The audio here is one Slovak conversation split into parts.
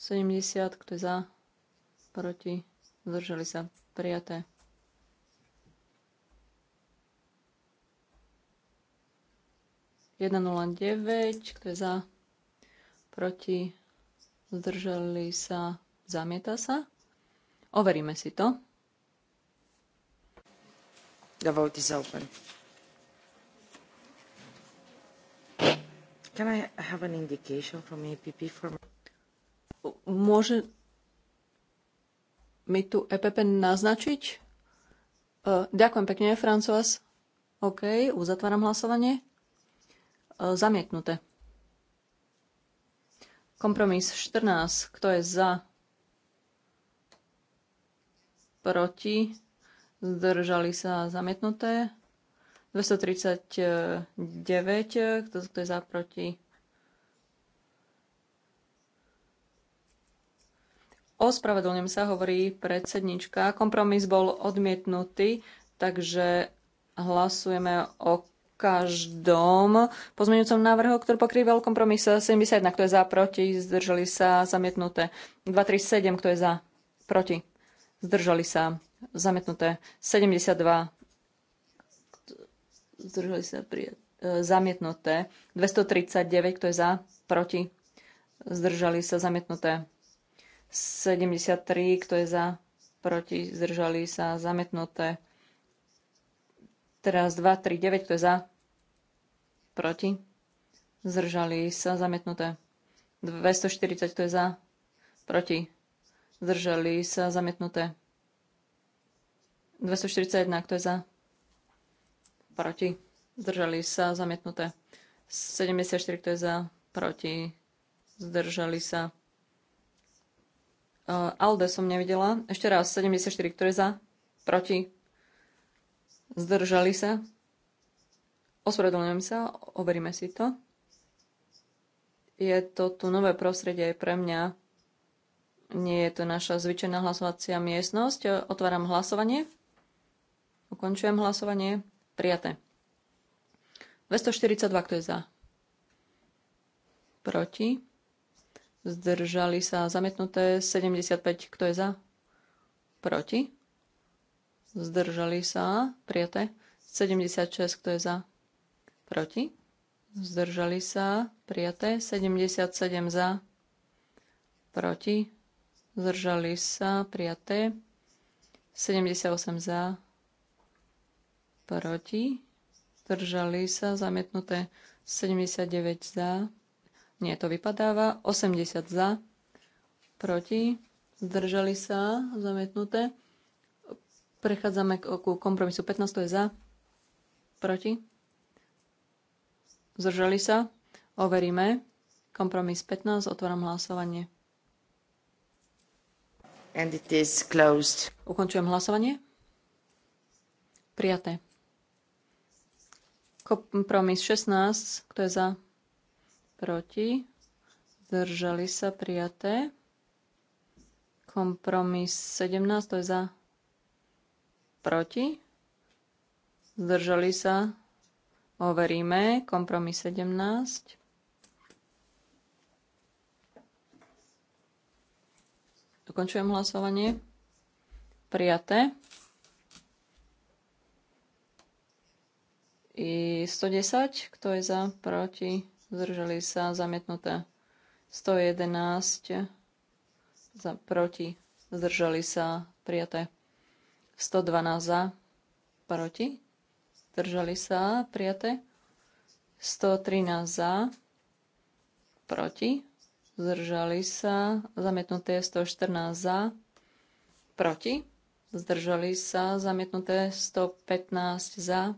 70, kto je za, proti, zdržali sa, prijaté. Jedna nula deväť, kto je za, proti, zdržali sa, zamieta sa. Overíme si to. The vote is open. Can I have an indication from APP for Môže mi tu EPP naznačiť? E, ďakujem pekne, Francois. OK, uzatváram hlasovanie. E, zamietnuté. Kompromis 14. Kto je za? Proti? Zdržali sa zamietnuté. 239. Kto, kto je za? Proti? Ospravedlňujem sa, hovorí predsednička. Kompromis bol odmietnutý, takže hlasujeme o každom pozmeňujúcom návrhu, ktorý pokrýval kompromis 71, kto je za, proti, zdržali sa, zamietnuté. 237, kto je za, proti, zdržali sa, zamietnuté. 72, zdržali sa, pri, e, zamietnuté. 239, kto je za, proti, zdržali sa, zamietnuté. 73, kto je za, proti, zdržali sa, zametnuté. Teraz 2, 3, 9, kto je za, proti, zdržali sa, zametnuté. 240, kto je za, proti, zdržali sa, zametnuté. 241, kto je za, proti, zdržali sa, zametnuté. 74, kto je za, proti, zdržali sa, Eh, Alde som nevidela. Ešte raz, 74, ktoré za? Proti? Zdržali sa? Ospravedlňujem sa, overíme si to. Je to tu nové prostredie pre mňa. Nie je to naša zvyčajná hlasovacia miestnosť. Otváram hlasovanie. Ukončujem hlasovanie. Prijaté. 242, kto je za? Proti? zdržali sa zamietnuté 75, kto je za, proti, zdržali sa prijaté 76, kto je za, proti, zdržali sa prijaté 77 za, proti, zdržali sa prijaté 78 za, proti, zdržali sa zamietnuté 79 za, nie, to vypadáva. 80 za, proti, zdržali sa, zamietnuté. Prechádzame k, ku kompromisu 15, to je za, proti, zdržali sa, overíme. Kompromis 15, otváram hlasovanie. And it is closed. Ukončujem hlasovanie. Prijaté. Kompromis 16, kto je za? proti, zdržali sa prijaté. Kompromis 17, to je za, proti, zdržali sa, overíme, kompromis 17. Dokončujem hlasovanie. Prijaté. I 110, kto je za, proti, zdržali sa, zamietnuté 111, za, proti, zdržali sa, prijaté 112 za, proti, zdržali sa, prijaté 113 za, proti, zdržali sa, zamietnuté 114 za, proti, zdržali sa, zamietnuté 115 za,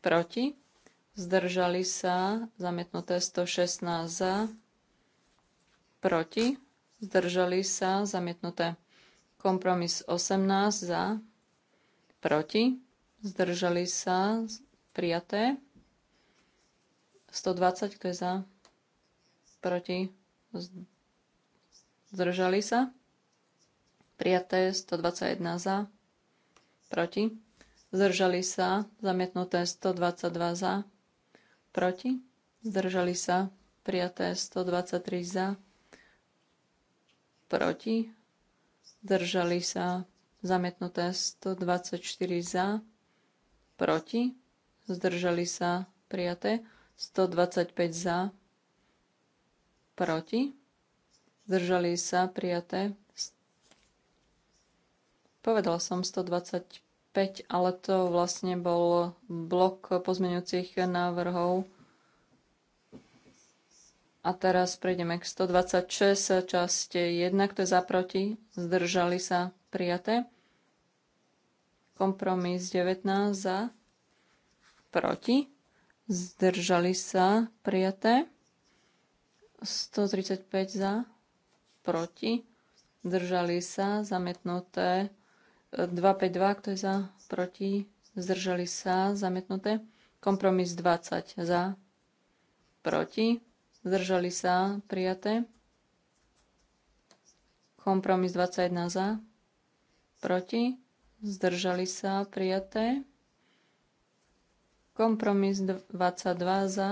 proti, zdržali sa, zamietnuté 116 za, proti, zdržali sa, zamietnuté kompromis 18 za, proti, zdržali sa, prijaté, 120, kto je za, proti, zdržali sa, prijaté, 121 za, proti, zdržali sa, zamietnuté 122 za, proti, zdržali sa, prijaté 123 za, proti, zdržali sa, zamietnuté 124 za, proti, zdržali sa, prijaté 125 za, proti, zdržali sa, prijaté. Povedal som 125 5, ale to vlastne bol blok pozmeňujúcich návrhov. A teraz prejdeme k 126, časť 1, kto je zaproti, zdržali sa prijaté. Kompromis 19 za, proti, zdržali sa prijaté. 135 za, proti, zdržali sa, zamietnuté 252, kto je za, proti, zdržali sa, zamietnuté. Kompromis 20 za, proti, zdržali sa, prijaté. Kompromis 21 za, proti, zdržali sa, prijaté. Kompromis 22 za.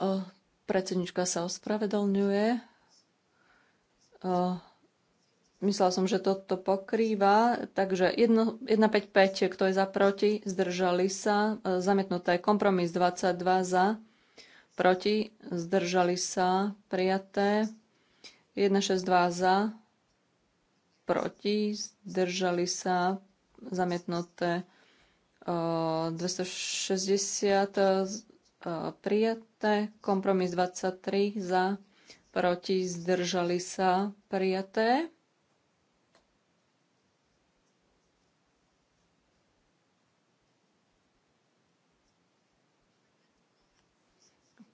O, predsednička sa ospravedlňuje Myslela som, že toto pokrýva. Takže 1,55, kto je za proti, zdržali sa. Zamietnuté kompromis 22 za, proti, zdržali sa, prijaté. 1,62 za, proti, zdržali sa, zamietnuté. 260 prijaté, kompromis 23 za, proti, zdržali sa, prijaté.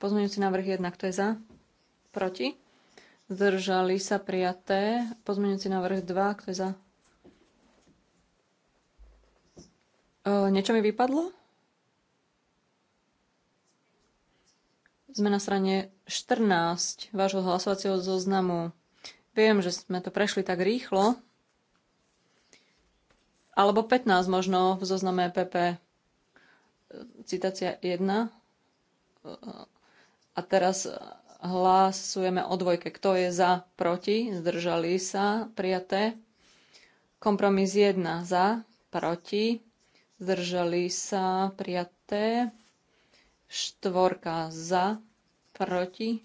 Pozmeňujúci návrh 1, kto je za? Proti? Zdržali sa prijaté. Pozmeňujúci návrh 2, kto je za? E, niečo mi vypadlo? Sme na strane 14 vášho hlasovacieho zoznamu. Viem, že sme to prešli tak rýchlo. Alebo 15 možno v zozname PP. E Citácia 1. A teraz hlasujeme o dvojke. Kto je za, proti, zdržali sa, prijaté. Kompromis 1 za, proti, zdržali sa, prijaté. Štvorka za, proti,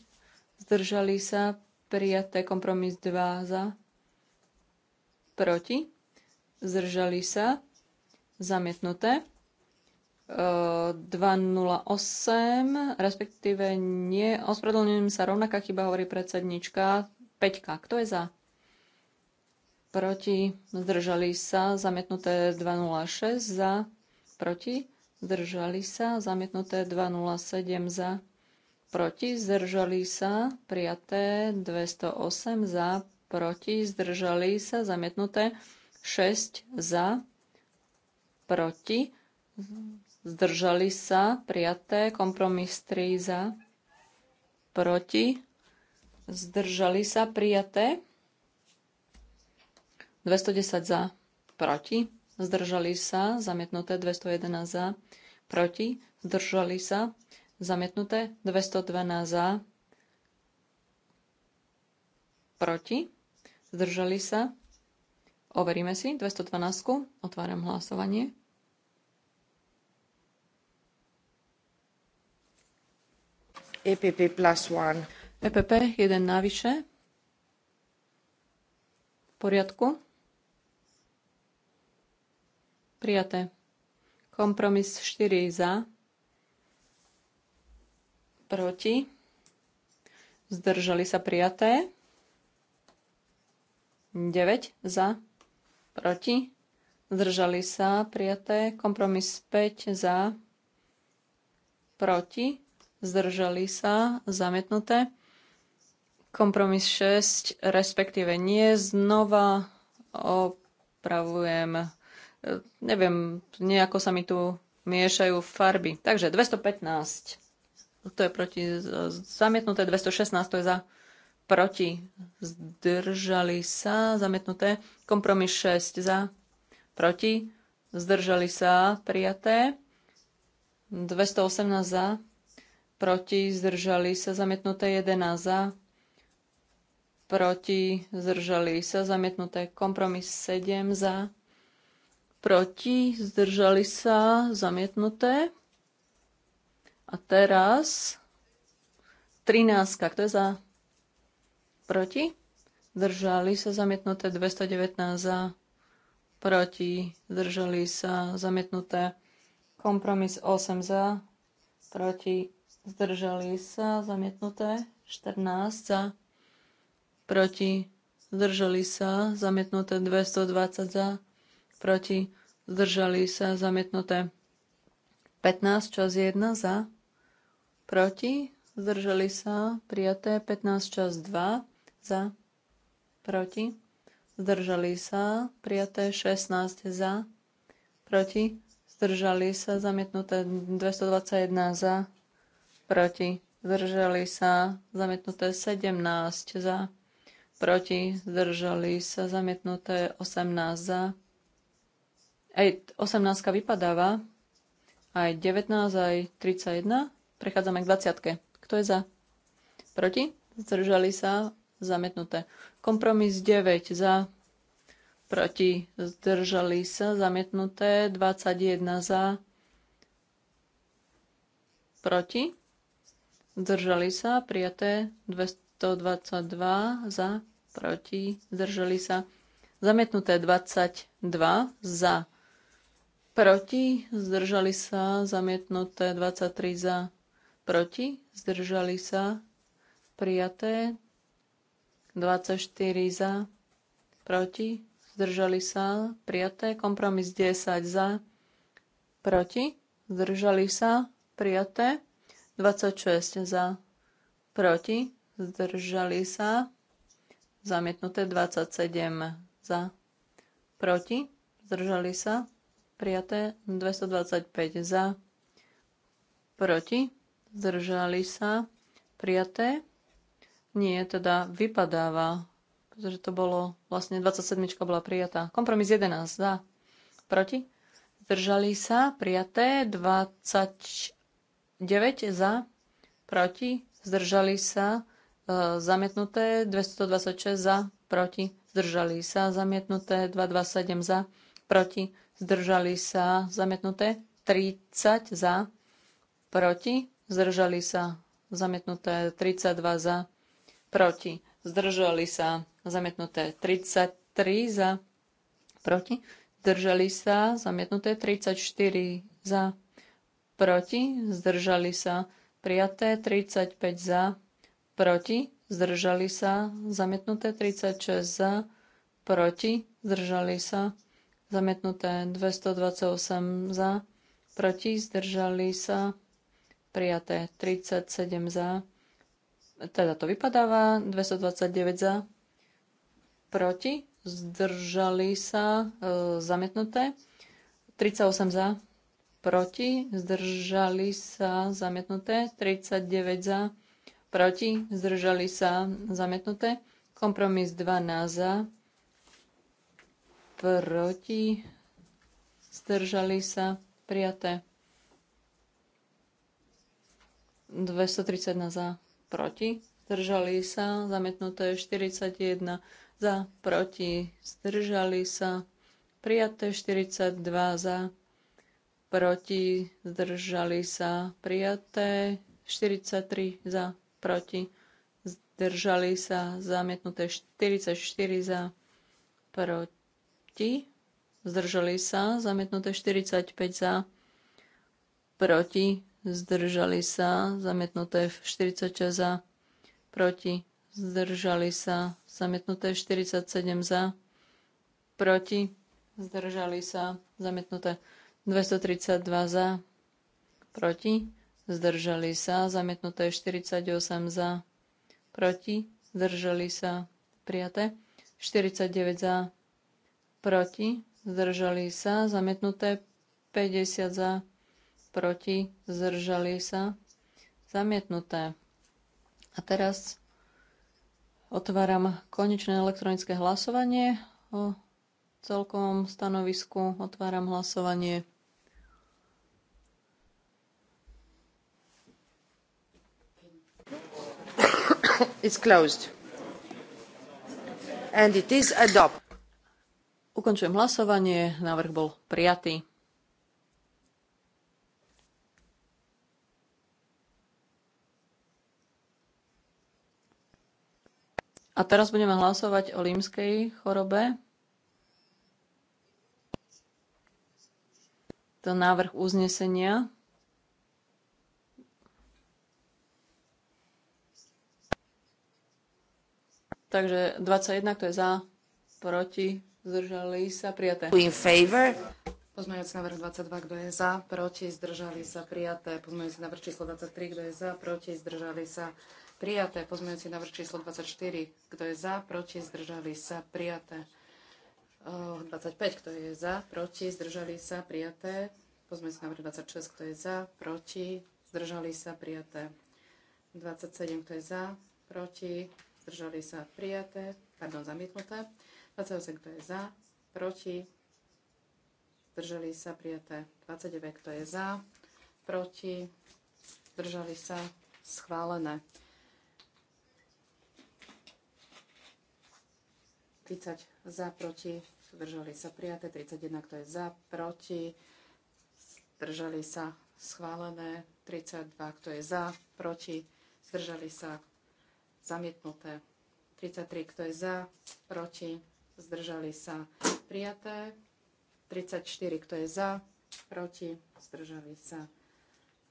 zdržali sa, prijaté kompromis 2 za, proti, zdržali sa, zamietnuté. 208, respektíve nie, ospravedlňujem sa, rovnaká chyba hovorí predsednička, 5, kto je za? Proti, zdržali sa, zamietnuté 206 za, proti, zdržali sa, zamietnuté 207 za, proti, zdržali sa, prijaté 208 za, proti, zdržali sa, zamietnuté 6 za, proti, zdržali sa, prijaté, kompromis 3 za, proti, zdržali sa, prijaté, 210 za, proti, zdržali sa, zamietnuté 211 za, proti, zdržali sa, zamietnuté 212 za, proti, zdržali sa. Overíme si 212. Otváram hlasovanie. EPP plus one. EPP 1 navyše. V poriadku. Prijaté. Kompromis 4 za. Proti. Zdržali sa prijaté. 9 za. Proti. Zdržali sa prijaté. Kompromis 5 za. Proti. Zdržali sa zamietnuté. Kompromis 6, respektíve nie. Znova opravujem E, neviem, nejako sa mi tu miešajú farby. Takže 215, to je proti zamietnuté, 216, to je za proti, zdržali sa, zamietnuté, kompromis 6 za, proti, zdržali sa, prijaté, 218 za, proti, zdržali sa, zamietnuté, 11 za, proti, zdržali sa, zamietnuté, kompromis 7 za, proti, zdržali sa, zamietnuté. A teraz 13. Kto je za? Proti? Zdržali sa, zamietnuté 219 za, proti, zdržali sa, zamietnuté. Kompromis 8 za, proti, zdržali sa, zamietnuté. 14 za, proti, zdržali sa, zamietnuté 220 za, proti, zdržali sa zamietnuté. 15 čas 1 za, proti, zdržali sa prijaté. 15 čas 2 za, proti, zdržali sa prijaté. 16 za, proti, zdržali sa zamietnuté. 221 za, proti, zdržali sa zamietnuté. 17 za, proti, zdržali sa zamietnuté. 18 za, aj 18 vypadáva, aj 19, aj 31. Prechádzame k 20. Kto je za? Proti? Zdržali sa? Zamietnuté. Kompromis 9 za, proti, zdržali sa, zamietnuté, 21 za, proti, zdržali sa, prijaté, 222 za, proti, zdržali sa, zamietnuté, 22 za, proti, zdržali sa, zamietnuté 23 za, proti, zdržali sa, prijaté 24 za, proti, zdržali sa, prijaté, kompromis 10 za, proti, zdržali sa, prijaté, 26 za, proti, zdržali sa, zamietnuté 27 za, proti, zdržali sa, prijaté 225 za, proti, zdržali sa, prijaté. Nie, teda vypadáva, pretože to bolo, vlastne 27 bola prijatá. Kompromis 11 za, proti, zdržali sa, prijaté, 29 za, proti, zdržali sa, e, zamietnuté, 226 za, proti, zdržali sa, zamietnuté, 227 za, proti, zdržali sa zamietnuté, 30 za, proti, zdržali sa zamietnuté, 32 za, proti, zdržali sa zamietnuté, 33 za, proti, zdržali sa zamietnuté, 34 za, proti, zdržali sa prijaté, 35 za, proti, zdržali sa zamietnuté, 36 za, proti, zdržali sa zamietnuté 228 za, proti zdržali sa prijaté 37 za, teda to vypadáva 229 za, proti zdržali sa e, zamietnuté 38 za, proti zdržali sa zamietnuté 39 za, proti zdržali sa zamietnuté kompromis 12 za, proti, zdržali sa, prijaté. 231 za, proti, zdržali sa, zamietnuté 41 za, proti, zdržali sa, prijaté 42 za, proti, zdržali sa, prijaté 43 za, proti, zdržali sa, zamietnuté 44 za, proti proti, zdržali sa, zamietnuté 45 za, proti, zdržali sa, zamietnuté 46 za, proti, zdržali sa, zamietnuté 47 za, proti, zdržali sa, zamietnuté 232 za, proti, zdržali sa, zamietnuté 48 za, proti, zdržali sa, prijaté 49 za, proti, zdržali sa, zamietnuté 50 za, proti, zdržali sa, zamietnuté. A teraz otváram konečné elektronické hlasovanie o celkovom stanovisku. Otváram hlasovanie. It's closed. And it is adopted. Ukončujem hlasovanie. Návrh bol prijatý. A teraz budeme hlasovať o límskej chorobe. To návrh uznesenia. Takže 21, kto je za, proti, Zdržali sa prijaté. In favor. Pozmeňujúci návrh 22, kto je za, proti, zdržali sa prijaté. Pozmeňujúci návrh číslo 23, kto je za, proti, zdržali sa prijaté. Pozmeňujúci návrh číslo 24, kto je za, proti, zdržali sa prijaté. 25, kto je za, proti, zdržali sa prijaté. Pozmeňujúci návrh 26, kto je za, proti, zdržali sa prijaté. 27, kto je za, proti, zdržali sa prijaté, pardon, zamietnuté. 28, kto je za, proti, zdržali sa prijaté. 29, kto je za, proti, zdržali sa schválené. 30 za, proti, zdržali sa prijaté. 31, kto je za, proti, zdržali sa schválené. 32, kto je za, proti, zdržali sa zamietnuté. 33, kto je za, proti, zdržali sa prijaté. 34, kto je za, proti, zdržali sa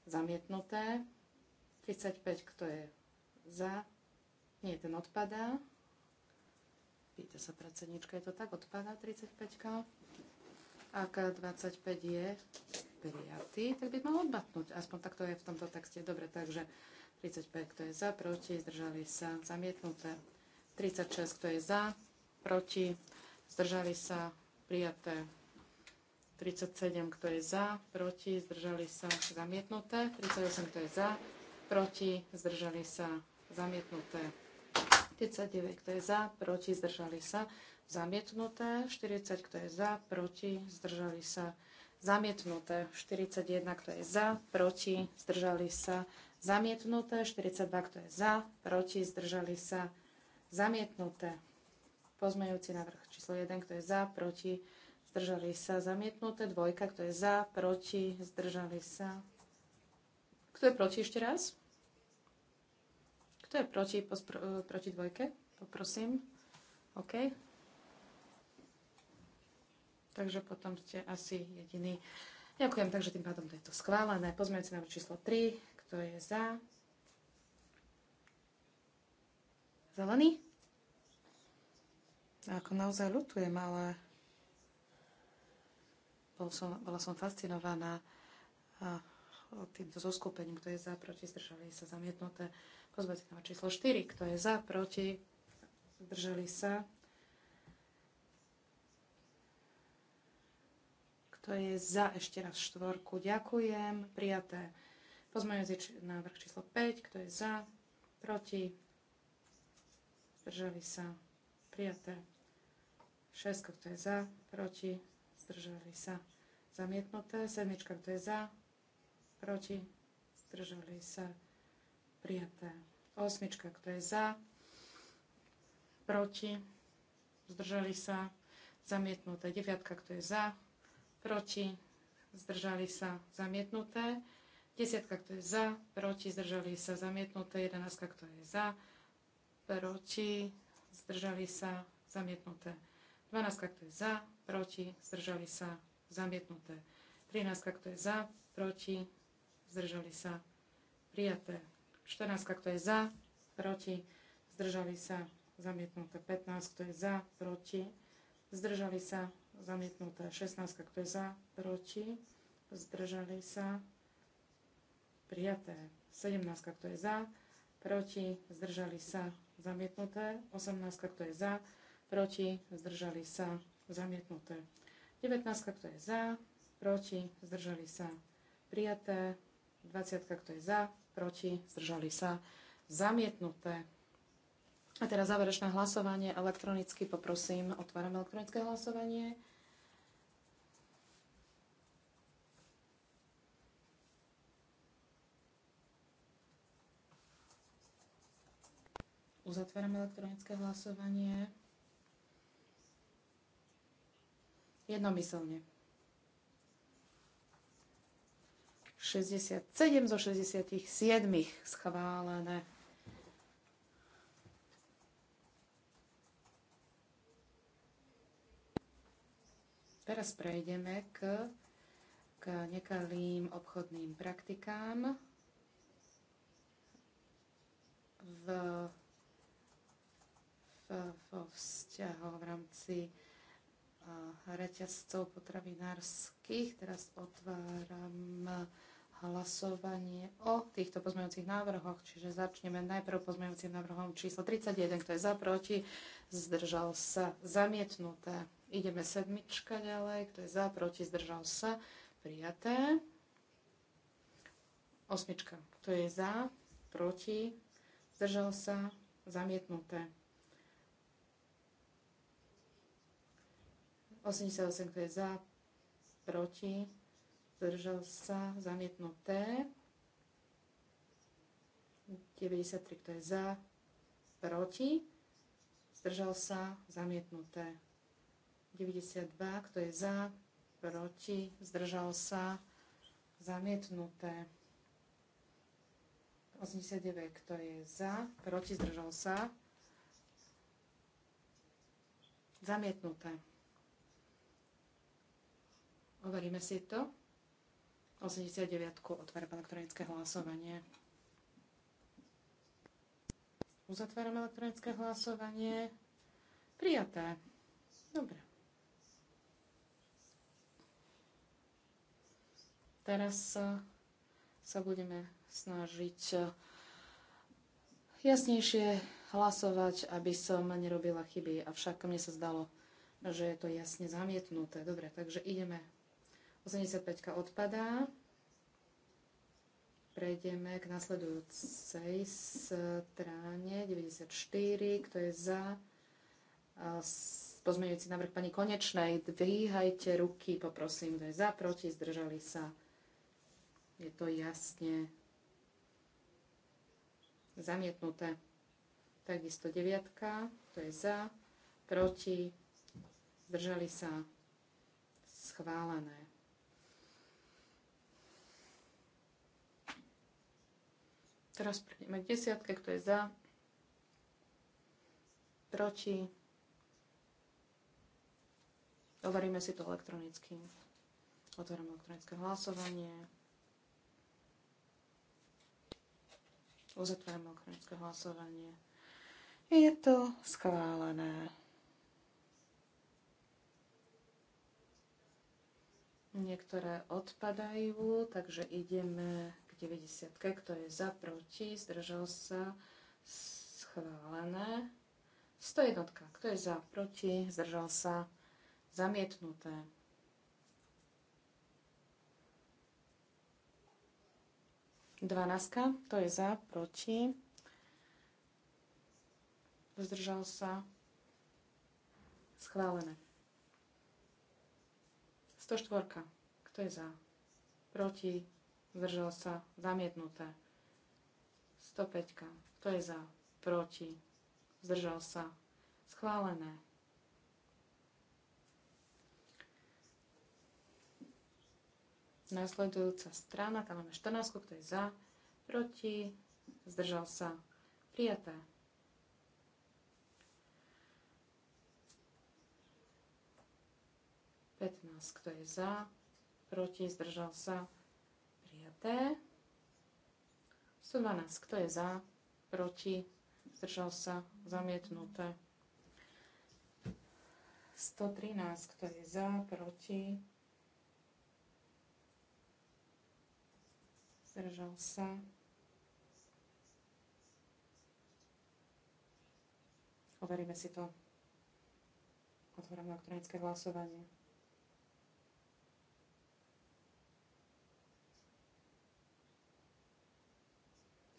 zamietnuté. 35, kto je za, nie, ten odpadá. Pýta sa predsednička, je to tak, odpadá 35. Ak 25 je prijatý, tak by mal odbatnúť. Aspoň takto je v tomto texte. Dobre, takže 35, kto je za, proti, zdržali sa, zamietnuté. 36, kto je za, proti, zdržali sa prijaté 37, kto je za, proti, zdržali sa zamietnuté, 38, kto je za, proti, zdržali sa zamietnuté, 39, kto je za, proti, zdržali sa zamietnuté, 40, kto je za, proti, zdržali sa zamietnuté, 41, kto je za, proti, zdržali sa zamietnuté, 42, kto je za, proti, zdržali sa zamietnuté. Pozmejúci návrh číslo 1, kto je za, proti, zdržali sa. Zamietnuté dvojka, kto je za, proti, zdržali sa. Kto je proti ešte raz? Kto je proti, pospr- e, proti dvojke? Poprosím. OK. Takže potom ste asi jediný. Ďakujem, takže tým pádom to je to schválené. Pozmeňujúci návrh číslo 3. Kto je za? Zelený? ako naozaj ľutujem, ale bol som, bola som fascinovaná a, týmto zoskupením, kto je za, proti, zdržali sa, zamietnuté. Pozvete na číslo 4, kto je za, proti, zdržali sa. Kto je za, ešte raz štvorku, ďakujem, prijaté. Pozmeňujúci návrh číslo 5, kto je za, proti, zdržali sa, prijaté. 6, kto je za, proti, zdržali sa zamietnuté, 7, kto je za, proti, zdržali sa prijaté, 8, kto je za, proti, zdržali sa zamietnuté, 9, kto je za, proti, zdržali sa zamietnuté, 10, kto je za, proti, zdržali sa zamietnuté, 11, kto je za, proti, zdržali sa zamietnuté. 12, kto je za, proti, zdržali sa, zamietnuté. 13, kto je za, proti, zdržali sa, prijaté. 14, kto je za, proti, zdržali sa, zamietnuté. 15, kto je za, proti, zdržali sa, zamietnuté. 16, kto je za, proti, zdržali sa, prijaté. 17, kto je za, proti, zdržali sa, zamietnuté. 18, kto je za, proti, proti, zdržali sa, zamietnuté. 19, kto je za, proti, zdržali sa, prijaté. 20, kto je za, proti, zdržali sa, zamietnuté. A teraz záverečné hlasovanie elektronicky poprosím. Otváram elektronické hlasovanie. Uzatváram elektronické hlasovanie. jednomyselne. 67 zo 67 schválené. Teraz prejdeme k, k nekalým obchodným praktikám v, v, v vzťahu v rámci reťazcov potravinárskych. Teraz otváram hlasovanie o týchto pozmeňujúcich návrhoch, čiže začneme najprv pozmeňujúcim návrhom číslo 31, kto je za, proti, zdržal sa, zamietnuté. Ideme sedmička ďalej, kto je za, proti, zdržal sa, prijaté. Osmička, kto je za, proti, zdržal sa, zamietnuté. 88, kto je za, proti, zdržal sa, zamietnuté. 93, kto je za, proti, zdržal sa, zamietnuté. 92, kto je za, proti, zdržal sa, zamietnuté. 89, kto je za, proti, zdržal sa, zamietnuté. Overíme si to. 89. Otváram elektronické hlasovanie. Uzatváram elektronické hlasovanie. Prijaté. Dobre. Teraz e, sa budeme snažiť e, jasnejšie hlasovať, aby som nerobila chyby. Avšak mne sa zdalo, že je to jasne zamietnuté. Dobre, takže ideme 85 odpadá. Prejdeme k nasledujúcej stráne 94, kto je za pozmeňujúci návrh pani Konečnej. Dvíhajte ruky, poprosím, kto je za, proti, zdržali sa. Je to jasne zamietnuté. Takisto deviatka, to je za, proti, zdržali sa, schválené. Teraz prejdeme k desiatke, kto je za, proti. Overíme si to elektronicky. Otvoríme elektronické hlasovanie. Uzatváram elektronické hlasovanie. Je to schválené. Niektoré odpadajú, takže ideme 90. Kto je za, proti, zdržal sa, schválené. 101. Kto je za, proti, zdržal sa, zamietnuté. Dvanáska, to je za, proti. Zdržal sa. Schválené. 104. Kto je za? Proti zdržal sa, zamietnuté. 105. Kto je za? Proti. Zdržal sa. Schválené. Nasledujúca strana, tam máme 14, kto je za, proti, zdržal sa, prijaté. kto je za, proti, zdržal sa, sú 12. kto je za, proti, zdržal sa, zamietnuté. 113, kto je za, proti, zdržal sa. Overíme si to. Otvorím elektronické hlasovanie.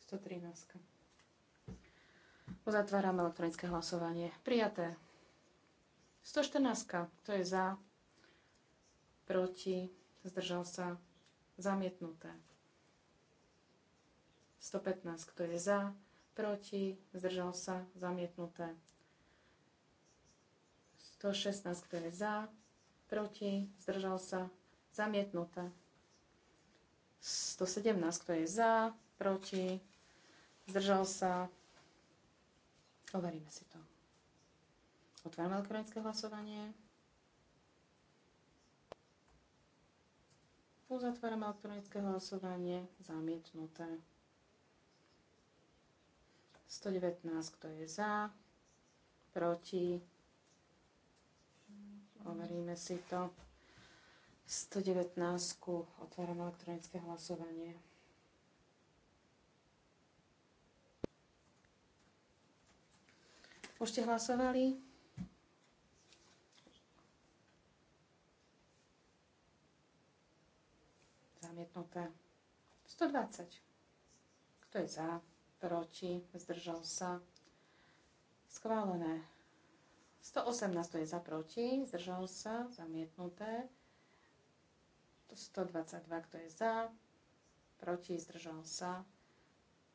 113. Uzatváram elektronické hlasovanie. Prijaté. 114. To je za, proti, zdržal sa, zamietnuté. 115. Kto je za, proti, zdržal sa, zamietnuté. 116. To je za, proti, zdržal sa, zamietnuté. 117. Kto je za, proti, Zdržal sa. Overíme si to. Otvárame elektronické hlasovanie. Uzatvárame elektronické hlasovanie. Zamietnuté. 119, kto je za, proti. Overíme si to. 119. otvárame elektronické hlasovanie. Už ste hlasovali? Zamietnuté. 120. Kto je za? Proti? Zdržal sa? Schválené. 118 to je za proti, zdržal sa, zamietnuté. 122, kto je za, proti, zdržal sa,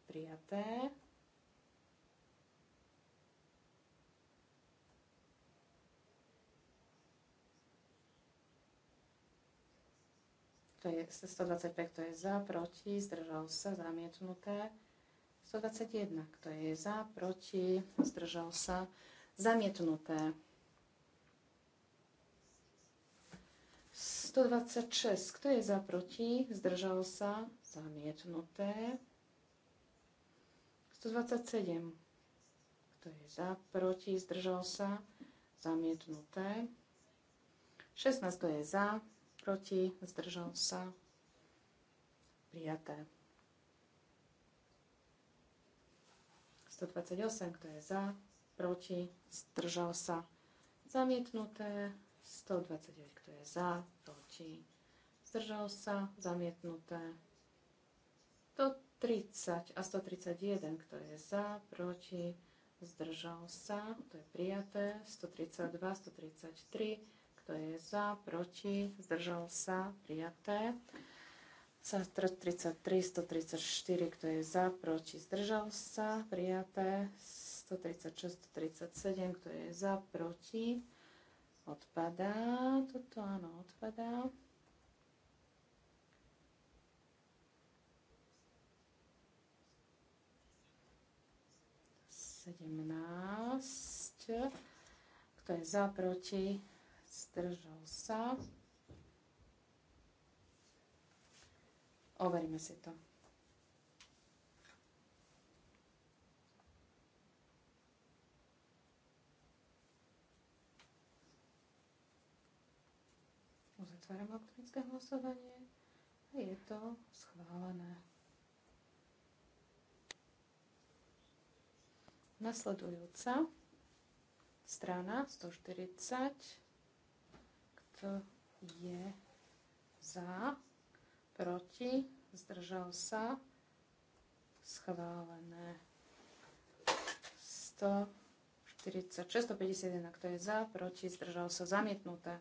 prijaté. to je 125, kto je za, proti, zdržal sa, zamietnuté. 121, kto je za, proti, zdržal sa, zamietnuté. 126, kto je za, proti, zdržal sa, zamietnuté. 127, kto je za, proti, zdržal sa, zamietnuté. 16, kto je za, proti, zdržal sa, prijaté. 128, kto je za, proti, zdržal sa, zamietnuté. 129, kto je za, proti, zdržal sa, zamietnuté. 130 a 131, kto je za, proti, zdržal sa, to je prijaté. 132, 133, kto je za? Proti? Zdržal sa? Prijaté. 133, 134, kto je za, proti, zdržal sa, prijaté. 136, 137, kto je za, proti, odpadá. Toto áno, odpadá. Sedemnáct. Kto je za, proti, zdržal sa. Overíme si to. Uzatváram elektronické hlasovanie a je to schválené. Nasledujúca strana 140 je za, proti, zdržal sa, schválené. 146, 151, kto je za, proti, zdržal sa, zamietnuté.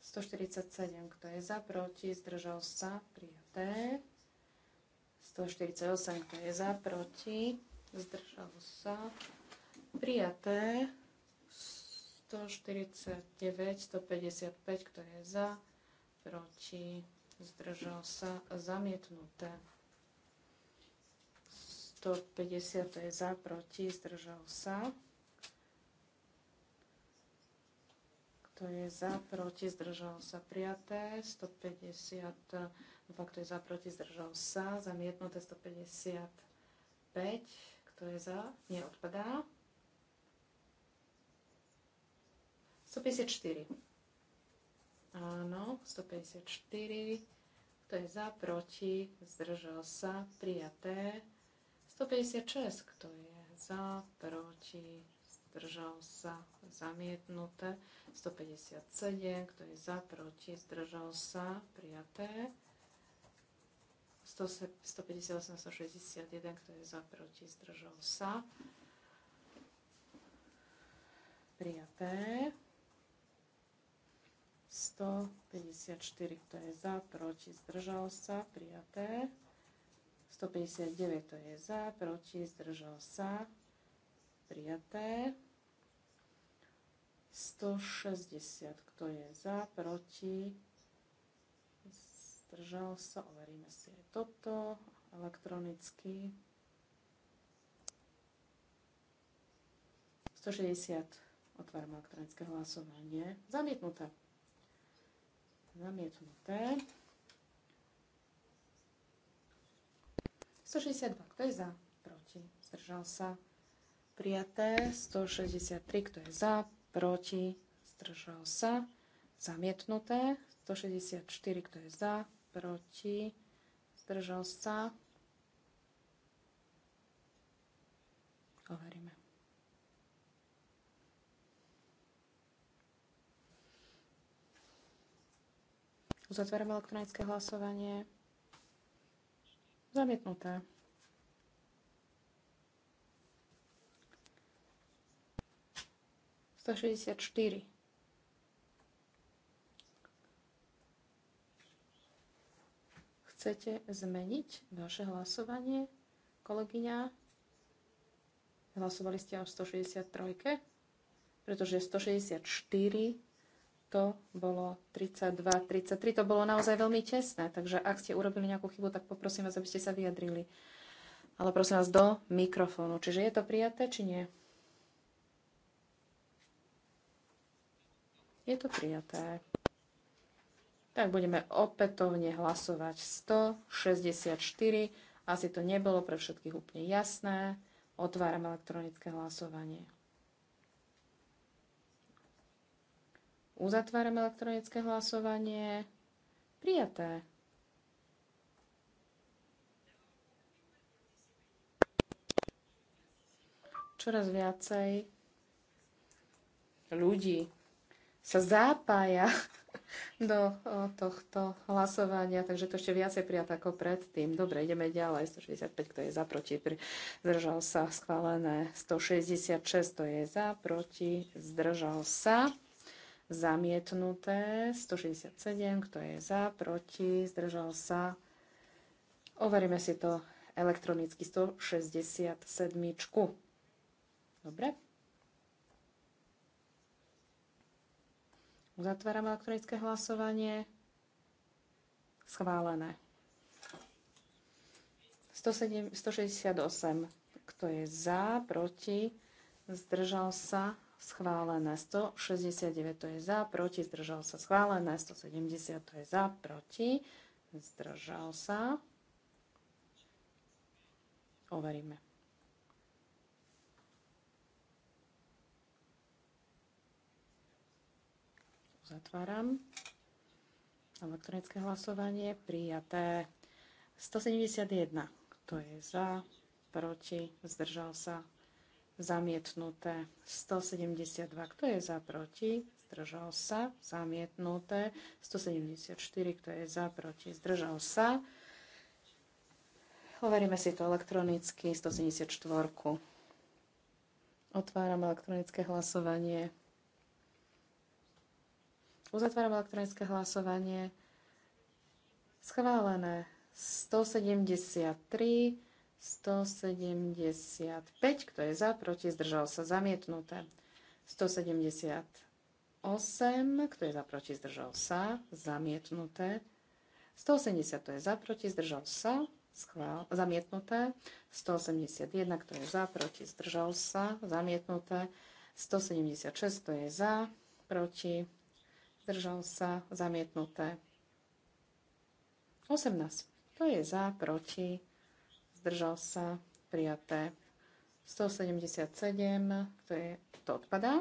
147, kto je za, proti, zdržal sa, prijaté. 148, kto je za, proti, zdržal sa, prijaté. 149, 155, kto je za, proti, zdržal sa, zamietnuté. 150, to je za, proti, zdržal sa. Kto je za, proti, zdržal sa, prijaté. 152, kto je za, proti, zdržal sa, zamietnuté. 155, kto je za, neodpadá. 154. Áno, 154. Kto je za, proti, zdržal sa, prijaté. 156. Kto je za, proti, zdržal sa, zamietnuté. 157. Kto je za, proti, zdržal sa, prijaté. 158, 161, kto je za, proti, zdržal sa. Prijaté. 154, kto je za, proti, zdržal sa, prijaté. 159, kto je za, proti, zdržal sa, prijaté. 160, kto je za, proti, zdržal sa, overíme si aj toto elektronicky. 160, otváram elektronické hlasovanie, zamietnuté. Zamietnuté. 162. Kto je za? Proti. Zdržal sa. Prijaté. 163. Kto je za? Proti. Zdržal sa. Zamietnuté. 164. Kto je za? Proti. Zdržal sa. Overíme. Uzatváram elektronické hlasovanie. Zamietnuté. 164 Chcete zmeniť vaše hlasovanie, kolegyňa? Hlasovali ste o 163, pretože 164 to bolo 32, 33. To bolo naozaj veľmi tesné, takže ak ste urobili nejakú chybu, tak poprosím vás, aby ste sa vyjadrili. Ale prosím vás do mikrofónu. Čiže je to prijaté, či nie? Je to prijaté. Tak budeme opätovne hlasovať 164. Asi to nebolo pre všetkých úplne jasné. Otváram elektronické hlasovanie. Uzatváram elektronické hlasovanie. Prijaté. Čoraz viacej ľudí sa zápája do tohto hlasovania, takže to ešte viacej prijaté ako predtým. Dobre, ideme ďalej. 165, kto je za, proti, zdržal sa, schválené. 166, to je za, proti, zdržal sa zamietnuté. 167, kto je za, proti, zdržal sa. Overíme si to elektronicky 167. Dobre. Uzatváram elektronické hlasovanie. Schválené. 168. Kto je za, proti, zdržal sa, schválené 169, to je za, proti, zdržal sa, schválené 170, to je za, proti, zdržal sa. Overíme. Zatváram. Elektronické hlasovanie prijaté. 171, to je za, proti, zdržal sa, zamietnuté. 172, kto je za, proti, zdržal sa, zamietnuté. 174, kto je za, proti, zdržal sa. Overíme si to elektronicky, 174. Otváram elektronické hlasovanie. Uzatváram elektronické hlasovanie. Schválené 173 175, kto je za, proti, zdržal sa, zamietnuté. 178, kto je za, proti, zdržal sa, zamietnuté. 180, kto je za, proti, zdržal sa, schvál, zamietnuté. 181, kto je za, proti, zdržal sa, zamietnuté. 176, kto je za, proti, zdržal sa, zamietnuté. 18, kto je za, proti, zdržal sa, prijaté. 177, to, je, to odpadá.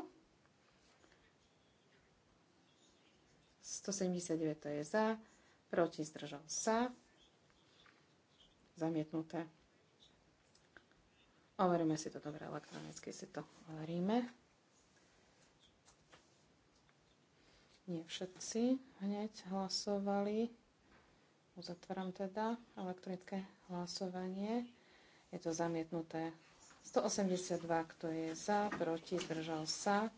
179 to je za, proti zdržal sa, zamietnuté. Overíme si to dobre, elektronicky si to overíme. Nie všetci hneď hlasovali. Uzatváram teda elektronické hlasovanie. Je to zamietnuté. 182, kto je za, proti, zdržal sa.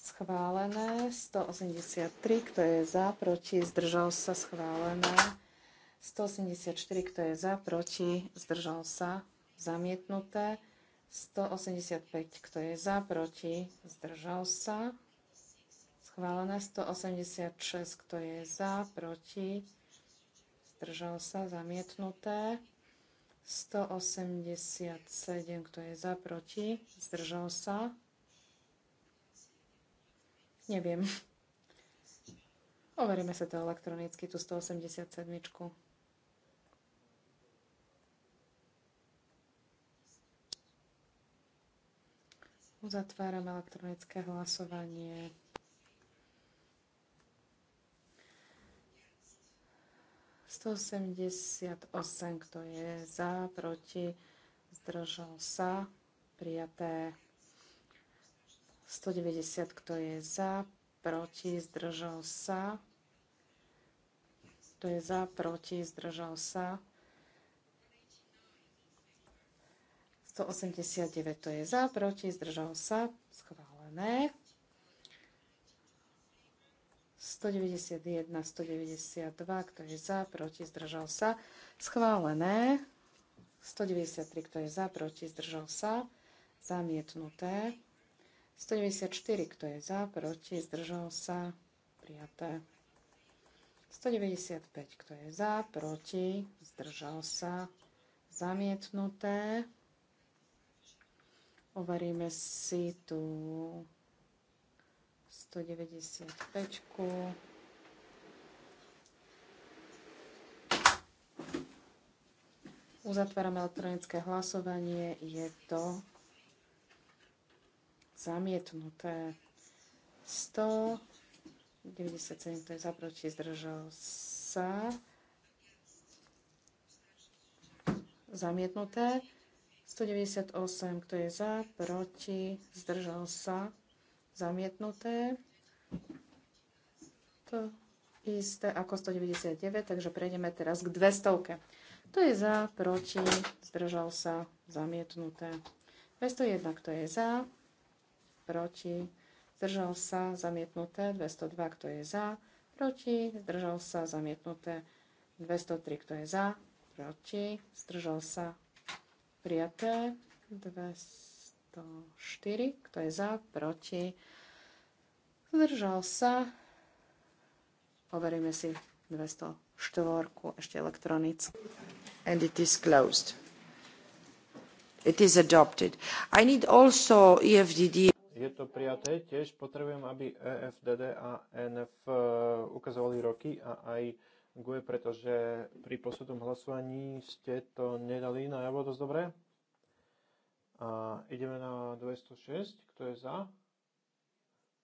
Schválené. 183, kto je za, proti, zdržal sa. Schválené. 184, kto je za, proti, zdržal sa. Zamietnuté. 185, kto je za, proti, zdržal sa. Schválené. 186, kto je za, proti, zdržal sa zdržal sa, zamietnuté. 187, kto je za, proti, zdržal sa. Neviem. Overíme sa to elektronicky, tú 187. Uzatváram elektronické hlasovanie. 188, kto je za, proti, zdržal sa, prijaté. 190, kto je za, proti, zdržal sa. Kto je za, proti, zdržal sa. 189, to je za, proti, zdržal sa, schválené. 191, 192, kto je za, proti, zdržal sa. Schválené. 193, kto je za, proti, zdržal sa. Zamietnuté. 194, kto je za, proti, zdržal sa. Prijaté. 195, kto je za, proti, zdržal sa. Zamietnuté. Overíme si tu 195. Uzatváram elektronické hlasovanie. Je to zamietnuté. 197, to je za proti, zdržal sa. Zamietnuté. 198, kto je za, proti, zdržal sa zamietnuté. To isté ako 199, takže prejdeme teraz k 200. To je za, proti, zdržal sa, zamietnuté. 201, kto je za, proti, zdržal sa, zamietnuté. 202, kto je za, proti, zdržal sa, zamietnuté. 203, kto je za, proti, zdržal sa, prijaté. 200 to 4, kto je za, proti, zdržal sa. Overíme si 204 ešte elektronicky. And it is closed. It is adopted. I need also EFDD. Je to prijaté, tiež potrebujem, aby EFDD a NF e, ukazovali roky a aj GUE, pretože pri poslednom hlasovaní ste to nedali na no, javo dosť dobre. A ideme na 206, kto je za,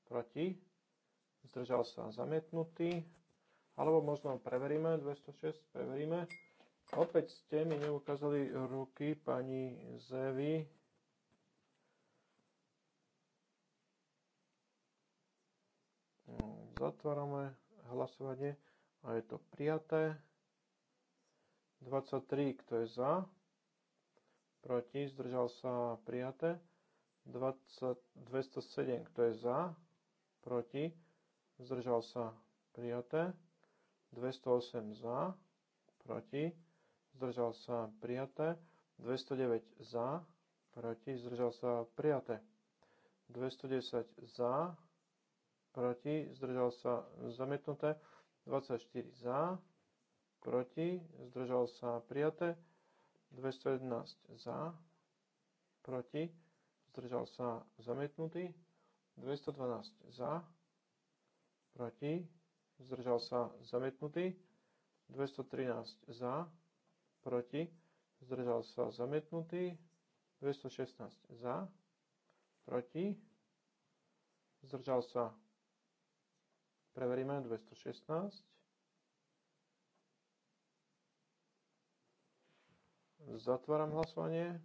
proti, zdržal sa zamietnutý, alebo možno preveríme, 206, preveríme. Opäť ste mi neukázali ruky pani Zevy. Mm, Zatvárame hlasovanie a je to prijaté. 23, kto je za? proti, zdržal sa prijaté. 20, 207, kto je za, proti, zdržal sa prijaté. 208 za, proti, zdržal sa prijaté. 209 za, proti, zdržal sa prijaté. 210 za, proti, zdržal sa zamietnuté. 24 za, proti, zdržal sa prijaté. 211 za, proti, zdržal sa zamietnutý, 212 za, proti, zdržal sa zamietnutý, 213 za, proti, zdržal sa zamietnutý, 216 za, proti, zdržal sa, preveríme 216, Zatváram hlasovanie.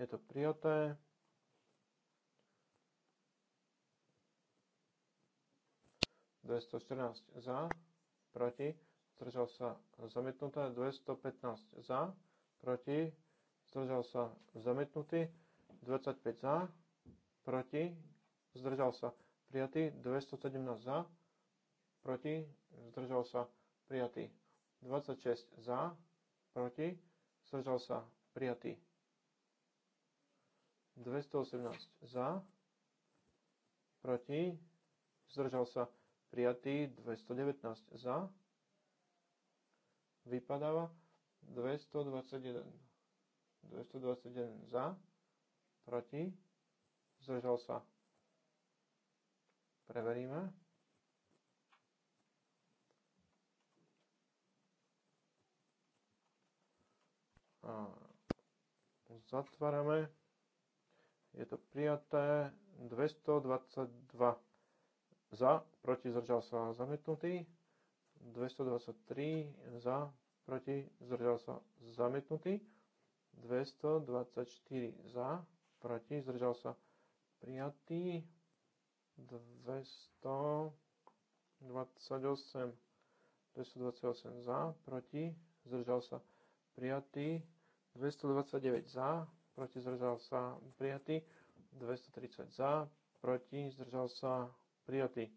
Je to prijaté. Dvesto za, proti, zdržal sa zamietnuté, 215 za, proti, zdržal sa zamietnutý, 25 za, proti, zdržal sa prijatý, 217 za, proti, zdržal sa prijatý, 26 za, proti, zdržal sa, prijatý. 218 za, proti, zdržal sa, prijatý. 219 za, vypadáva. 221, 221 za, proti, zdržal sa, preveríme. a zatvárame. Je to prijaté 222 za, proti zdržal sa zamietnutý, 223 za, proti zdržal sa zamietnutý, 224 za, proti zdržal sa prijatý, 228 228 za, proti zdržal sa prijatý, 229 za, proti zdržal sa prijatý, 230 za, proti zdržal sa prijatý,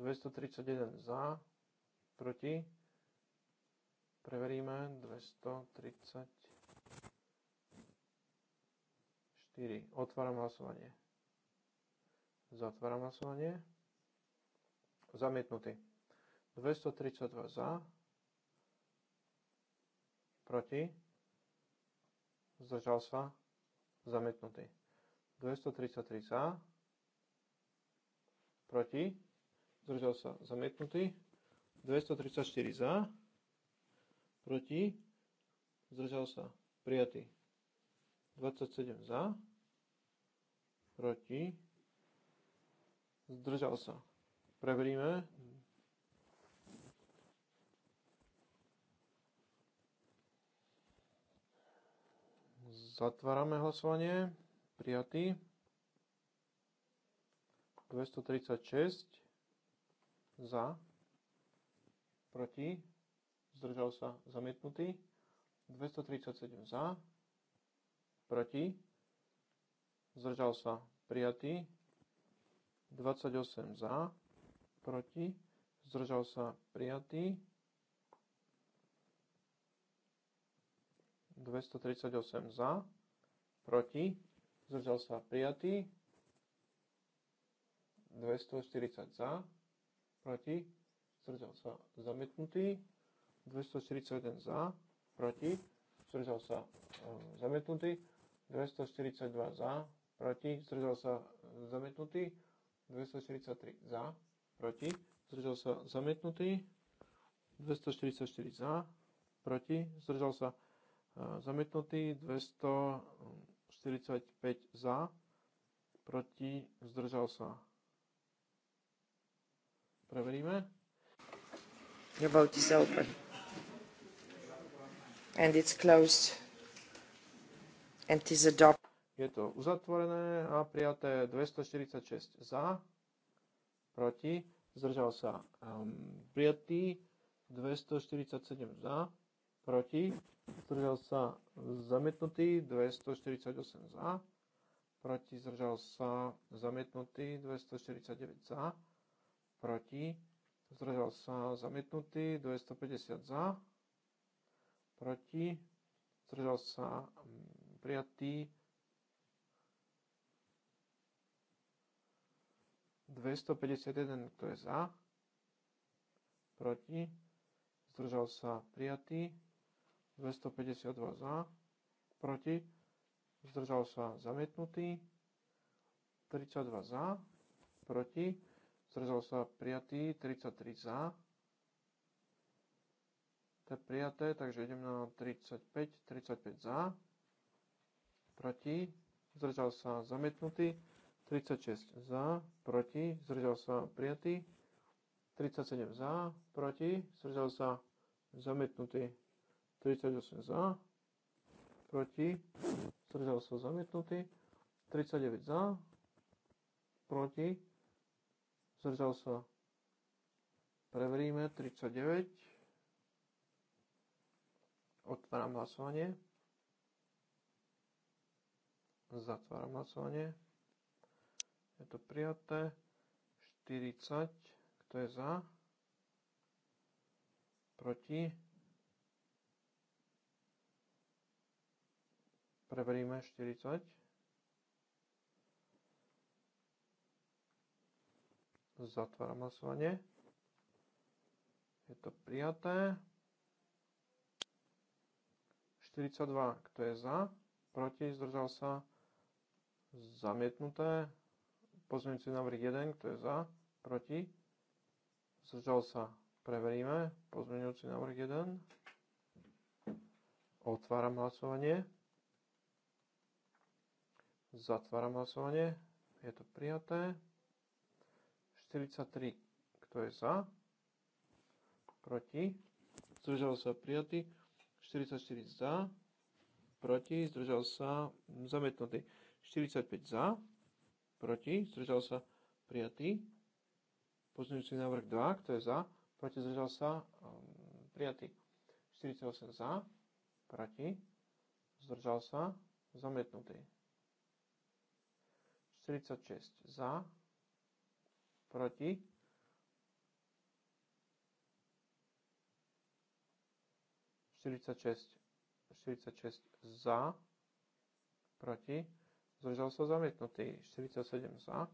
231 za, proti, preveríme, 234, otváram hlasovanie, zatváram hlasovanie, zamietnutý, 232 za, proti, zdržal sa, zamietnutý. 233 za, proti, zdržal sa, zametnutý. 234 za, proti, zdržal sa, prijatý. 27 za, proti, zdržal sa. Preveríme Zatvárame hlasovanie. Prijatý. 236 za, proti, zdržal sa zamietnutý, 237 za, proti, zdržal sa prijatý, 28 za, proti, zdržal sa prijatý, 238 za, proti, zdržal sa prijatý, 240 za, proti, zdržal sa zamietnutý, 241 e, e, za, proti, zdržal sa zamietnutý, 242 za, proti, zdržal sa zamietnutý, 243 za, proti, zdržal sa zamietnutý, 244 za, proti, zdržal sa Zamietnutý 245 za, proti, zdržal sa. Preveríme. The vote is open. And it's closed. And is adopted. Je to uzatvorené a prijaté 246 za, proti, zdržal sa. Um, prijatý 247 za, proti, zdržal sa zamietnutý 248 za, proti zdržal sa zamietnutý 249 za, proti zdržal sa zamietnutý 250 za, proti zdržal sa mm, prijatý 251, kto je za, proti, zdržal sa prijatý 252 za, proti, zdržal sa zamietnutý, 32 za, proti, zdržal sa prijatý, 33 za, to je prijaté, takže idem na 35, 35 za, proti, zdržal sa zamietnutý, 36 za, proti, zdržal sa prijatý, 37 za, proti, zdržal sa zamietnutý. 38 za, proti, zdržal sa zamietnutý, 39 za, proti, zdržal sa, preveríme, 39, otváram hlasovanie, zatváram hlasovanie, je to prijaté, 40, kto je za, proti, Preveríme 40. Zatváram hlasovanie. Je to prijaté. 42, kto je za, proti, zdržal sa, zamietnuté. Pozmeňujúci návrh 1, kto je za, proti, zdržal sa, preveríme. Pozmeňujúci návrh 1. Otváram hlasovanie. Zatváram hlasovanie. Je to prijaté. 43. Kto je za? Proti. Zdržal sa prijatý. 44 za. Proti. Zdržal sa zamietnutý. 45 za. Proti. Zdržal sa prijatý. si návrh 2. Kto je za? Proti. Zdržal sa um, prijatý. 48 za. Proti. Zdržal sa zamietnutý. 46 za, proti, 46, 46 za, proti, zdržal sa zamietnutý, 47 za,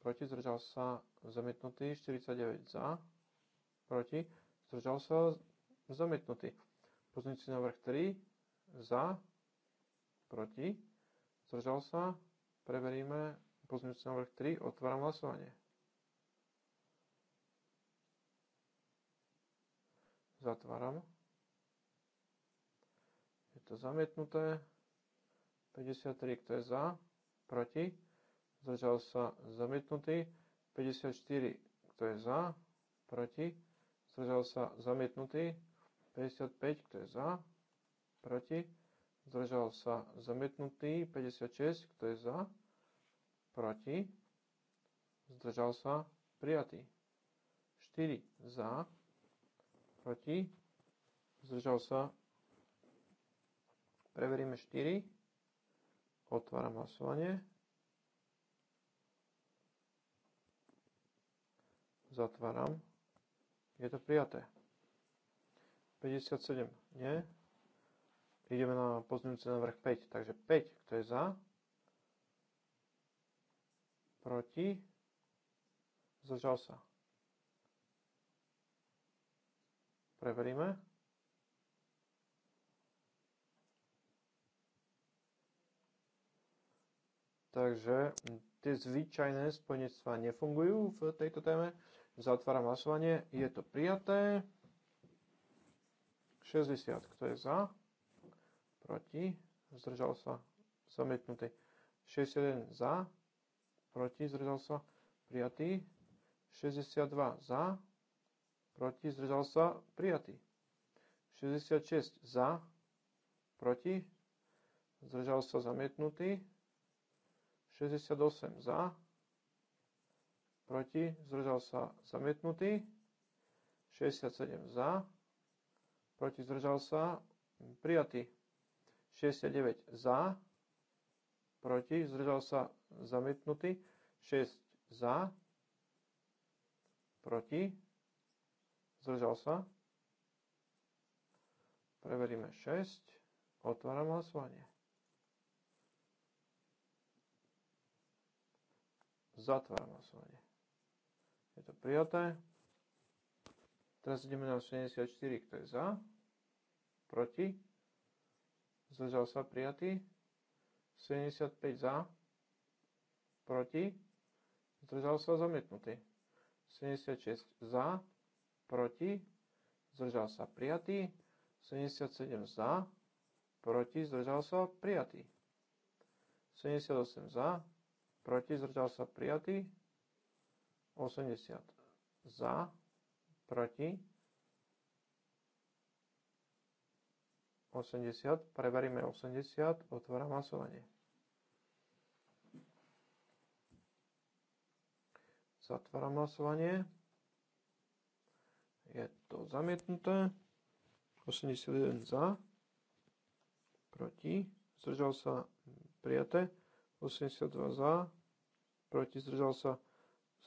proti, zdržal sa zamietnutý, 49 za, proti, zdržal sa zamietnutý. Pozmeňujúci návrh 3 za, proti, zdržal sa Preveríme pozmeňujúci návrh 3. Otváram hlasovanie. Zatváram. Je to zamietnuté. 53, kto je za, proti. Zdržal sa zamietnutý. 54, kto je za, proti. Zdržal sa zamietnutý. 55, kto je za, proti zdržal sa zamietnutý, 56, kto je za, proti, zdržal sa prijatý, 4 za, proti, zdržal sa, preveríme 4, otváram hlasovanie, zatváram, je to prijaté. 57, nie, Ideme na pozmeňujúci návrh 5. Takže 5, kto je za? Proti? Zdržal sa. Preveríme. Takže tie zvyčajné spojenectvá nefungujú v tejto téme. Zatváram hlasovanie. Je to prijaté. 60, kto je za? proti, zdržal sa, zamietnutý. 61 za, proti, zdržal sa, prijatý. 62 za, proti, zdržal sa, prijatý. 66 za, proti, zdržal sa, zamietnutý. 68 za, proti, zdržal sa, zamietnutý. 67 za, proti, zdržal sa, prijatý. 69 za, proti, zdržal sa zamietnutý, 6 za, proti, zdržal sa. Preveríme 6, otváram hlasovanie. Zatváram hlasovanie. Je to prijaté. Teraz ideme na 74, kto je za, proti, zdržal sa prijatý, 75 za, proti, zdržal sa zamietnutý, 76 za, proti, zdržal sa prijatý, 77 za, proti, zdržal sa prijatý, 78 za, proti, zdržal sa prijatý, 80 za, proti, 80, preveríme 80, otváram hlasovanie. Zatváram hlasovanie. Je to zamietnuté. 81 za. Proti. Zdržal sa prijaté. 82 za. Proti zdržal sa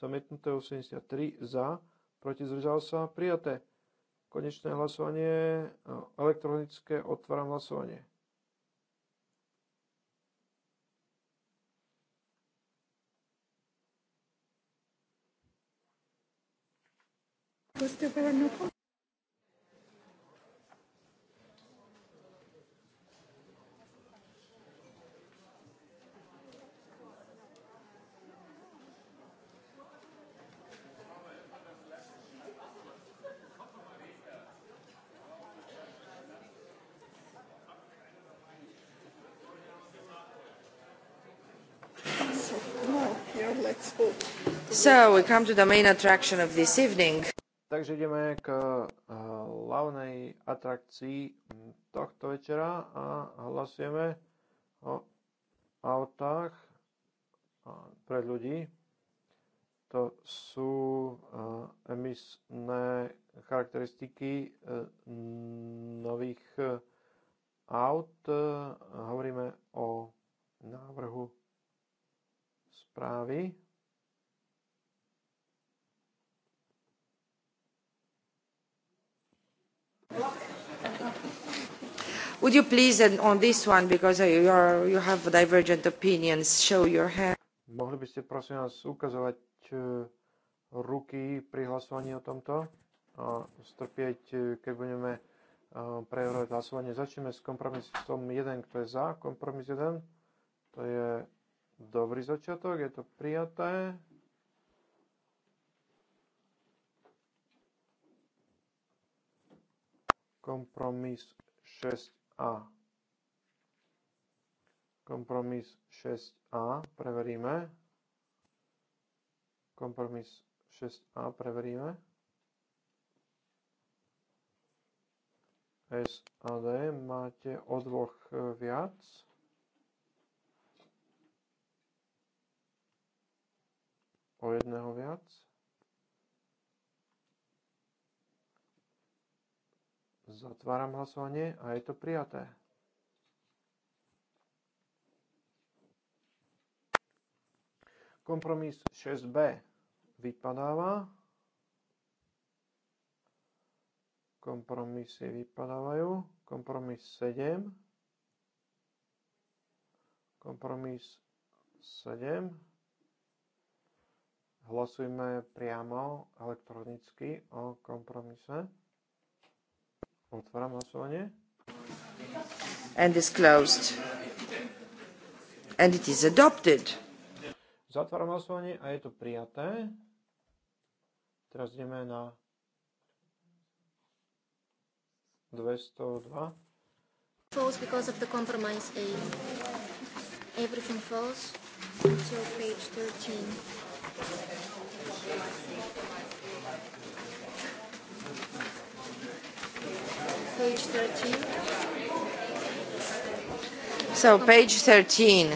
zamietnuté. 83 za. Proti zdržal sa prijaté. Konečné hlasovanie e, elektronické. Otváram hlasovanie. Poste para So we come to the main attraction of this evening. Takže ideme k eh, hlavnej atrakcii tohto večera a hlasujeme o autách pre ľudí. To sú eh, emisné charakteristiky eh, nových aut. Hovoríme o návrhu správy. Would you please, and on this one, because you, are, you have divergent opinions, show your hand. Mohli by ste prosím vás ukazovať e, ruky pri hlasovaní o tomto a strpieť, e, keď budeme e, prejavovať hlasovanie. Začneme s kompromisom 1, kto je za. Kompromis 1, to je dobrý začiatok, je to prijaté. Kompromis 6a. Kompromis 6a preveríme. Kompromis 6a preveríme. SAD máte o dvoch e, viac. O jedného viac. Zatváram hlasovanie a je to prijaté. Kompromis 6b vypadáva. Kompromisy vypadávajú. Kompromis 7. Kompromis 7. Hlasujme priamo elektronicky o kompromise. Otváram hlasovanie. And is closed. And it is adopted. Zatváram hlasovanie a je to prijaté. Teraz ideme na 202. Falls because of the compromise A. Everything falls until page 13. 13. So, page 13.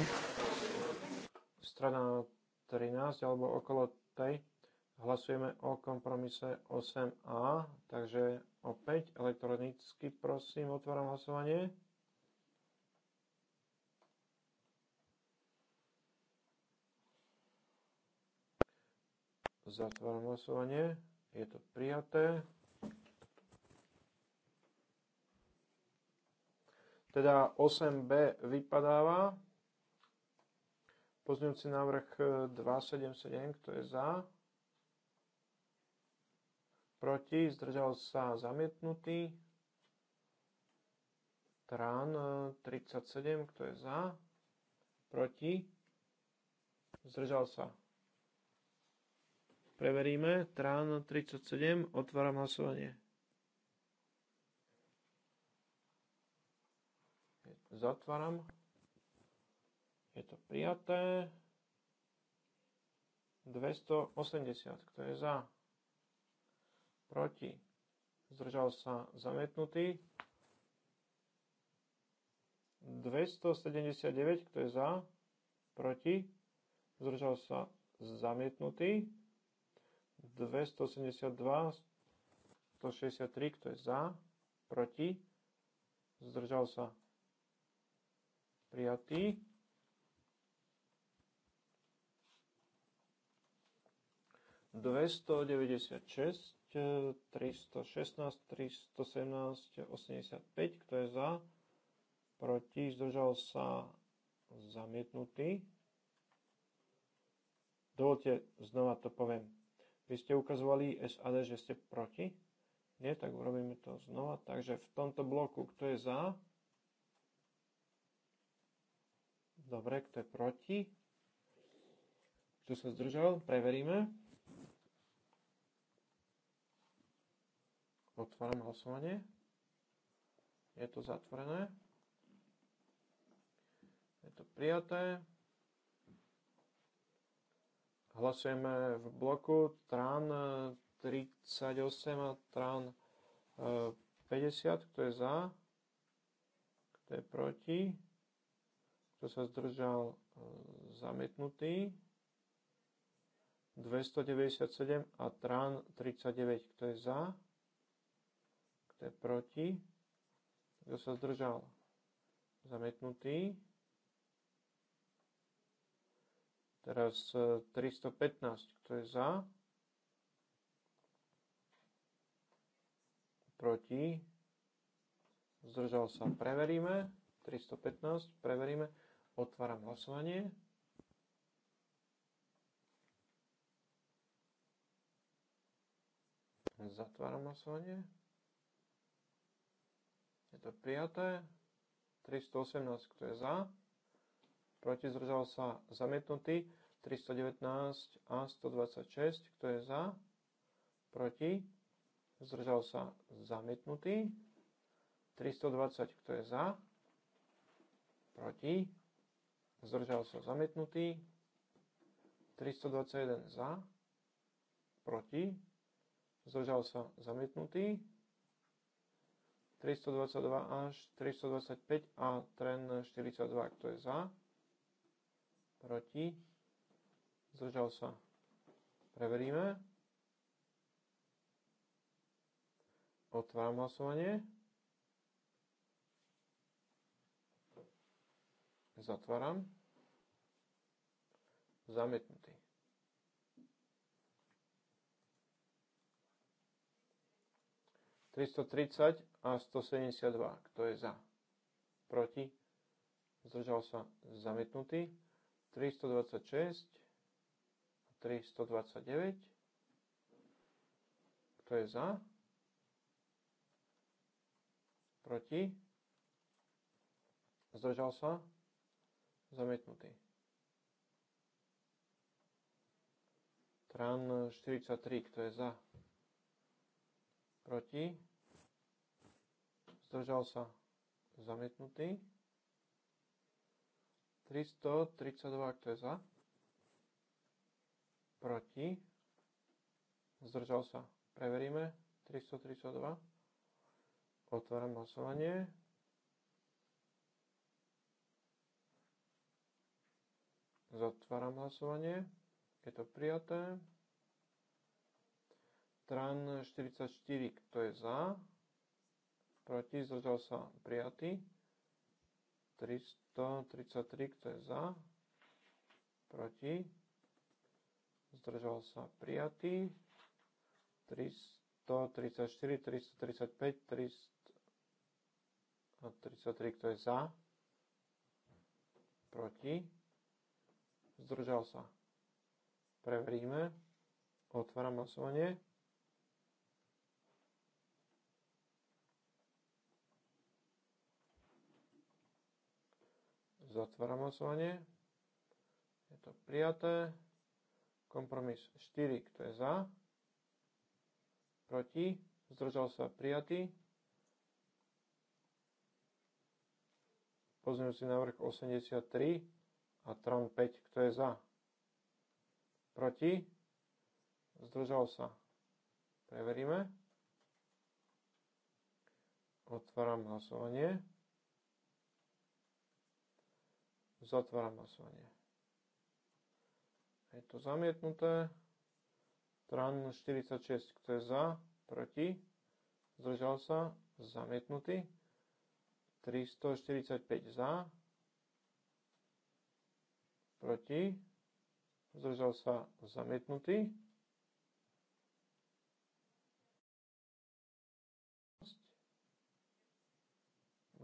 Strana 13, alebo okolo tej, hlasujeme o kompromise 8a, takže opäť elektronicky prosím, otváram hlasovanie. Zatváram hlasovanie. Je to prijaté. Teda 8b vypadáva. Pozňujúci návrh 277, e, kto je za? Proti, zdržal sa zamietnutý. Trán 37, e, kto je za? Proti, zdržal sa. Preveríme. Trán 37, otváram hlasovanie. Zatváram. Je to prijaté. 280. Kto je za? Proti. Zdržal sa zamietnutý. 279. Kto je za? Proti. Zdržal sa zamietnutý. 282. 163. Kto je za? Proti. Zdržal sa prijatý. Dvesto deväťdesiat šesť, tristo šestnásť, tristo sedemnásť, osemdesiat päť, kto je za, proti, zdržal sa zamietnutý. Dovolte, znova to poviem. Vy ste ukazovali SAD, že ste proti? Nie, tak urobíme to znova. Takže v tomto bloku, kto je za, Dobre, kto je proti? Kto sa zdržal? Preveríme. Otváram hlasovanie. Je to zatvorené. Je to prijaté. Hlasujeme v bloku TRAN 38 e, a TRAN 50. E, kto je za? Kto je proti? kto sa zdržal, e, zamietnutý. 297 a Tran 39, kto je za, kto je proti, kto sa zdržal, zamietnutý. Teraz 315, e, kto je za, proti, zdržal sa, preveríme, 315, preveríme. Otváram hlasovanie. Zatváram hlasovanie. Je to prijaté. 318, kto je za. Proti zdržal sa zamietnutý. 319 a 126, kto je za. Proti. Zdržal sa zamietnutý. 320, kto je za. Proti zdržal sa zamietnutý, 321 za, proti, zdržal sa zamietnutý, 322 až 325 a tren 42, kto je za, proti, zdržal sa, preveríme, otváram hlasovanie, Zatváram. zametnutý. Tristo tridsať a 172. Kto je za? Proti? Zdržal sa zamietnutý. 326 a 329. Kto je za? Proti? Zdržal sa? Zamietnutý. Tran 43, kto je za? Proti? Zdržal sa? Zamietnutý. 332, kto je za? Proti? Zdržal sa? Preveríme. 332. Otváram hlasovanie. Zatváram hlasovanie. Je to prijaté. Tran 44, kto je za? Proti, zdržal sa prijatý. 333, kto je za? Proti. Zdržal sa prijatý. 334, 335, 333, a 33, kto je za? Proti zdržal sa. Preveríme. Otváram hlasovanie. Zatváram hlasovanie. Je to prijaté. Kompromis 4, kto je za. Proti. Zdržal sa prijatý. Pozmeňujúci návrh 83 a Tron 5, kto je za? Proti? Zdržal sa. Preveríme. Otváram hlasovanie. Zatváram hlasovanie. Je to zamietnuté. Tran 46, kto je za? Proti? Zdržal sa? Zamietnutý. 345 za, proti, zdržal sa zamietnutý.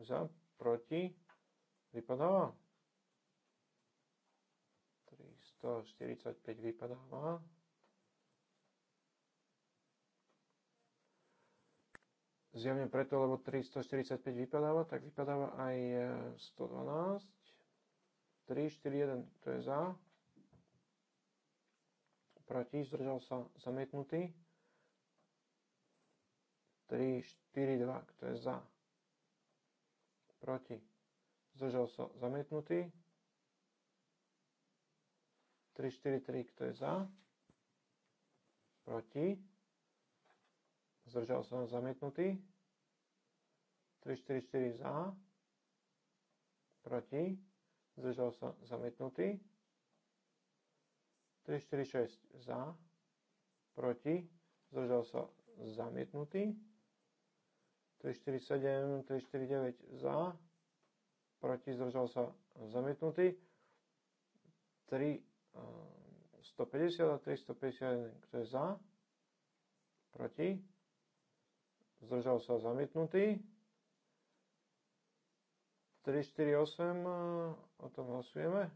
Za, proti, vypadáva. 345 vypadáva. Zjavne preto, lebo 345 vypadáva, tak vypadáva aj 112. Eh, 3, 4, 1, to je za. Proti, zdržal sa zamietnutý. 3, 4, 2, to je za. Proti, zdržal sa zamietnutý. 3, 4, 3, kto je za. Proti, zdržal sa zamietnutý. 3, 4, 4 za. Proti zdržal sa zamietnutý. 346 za, proti, zdržal sa zamietnutý. 347, 349 za, proti, zdržal sa zamietnutý. 3, 150 eh, a 351, kto je za, proti, zdržal sa zamietnutý. 348 O tom hlasujeme.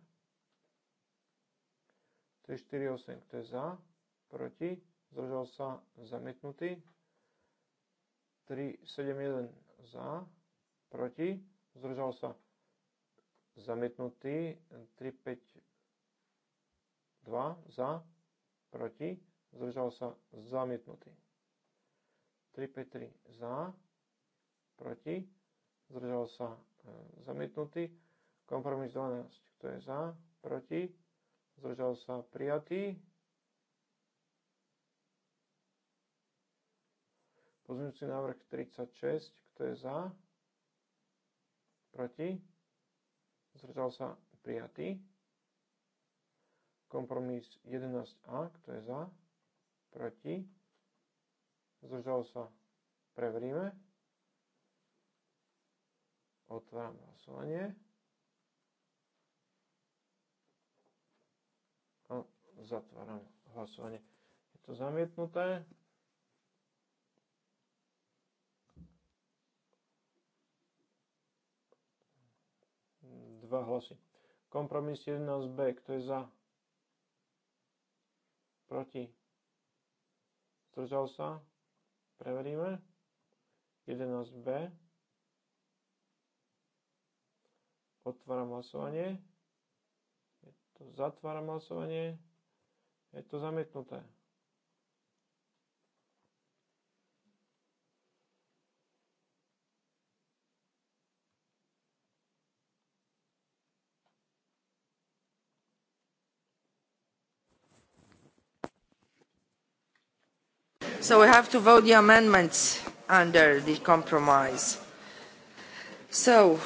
48 kto je za, proti, zdržal sa, zamietnutý. 371 za, proti, zdržal sa, zamietnutý. 352 za, proti, zdržal sa, zamietnutý. 353 za, proti, zdržal sa, e, zamietnutý. Kompromis 12. Kto je za? Proti? Zdržal sa prijatý. Pozmeňujúci návrh 36. Kto je za? Proti? Zdržal sa prijatý. Kompromis 11a. Kto je za? Proti? Zdržal sa preveríme. Otváram hlasovanie. Zatváram hlasovanie. Je to zamietnuté. Dva hlasy. Kompromis 11b. Kto je za? Proti? Zdržal sa? Preveríme. 11b. Otváram hlasovanie. Je to zatváram hlasovanie. Je to zamietnuté. So we have to vote the amendments under the compromise. So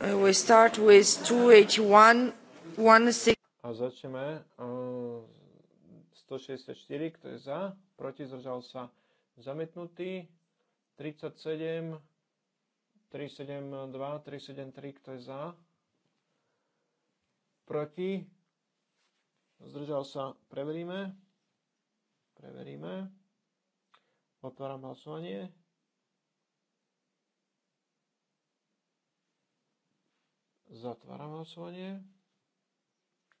uh, we start with 281, 16. A začneme uh, 164, kto je za, proti, zdržal sa zamietnutý. 37, 372, 373, kto je za, proti, zdržal sa, preveríme. Preveríme. Otváram hlasovanie. Zatváram hlasovanie.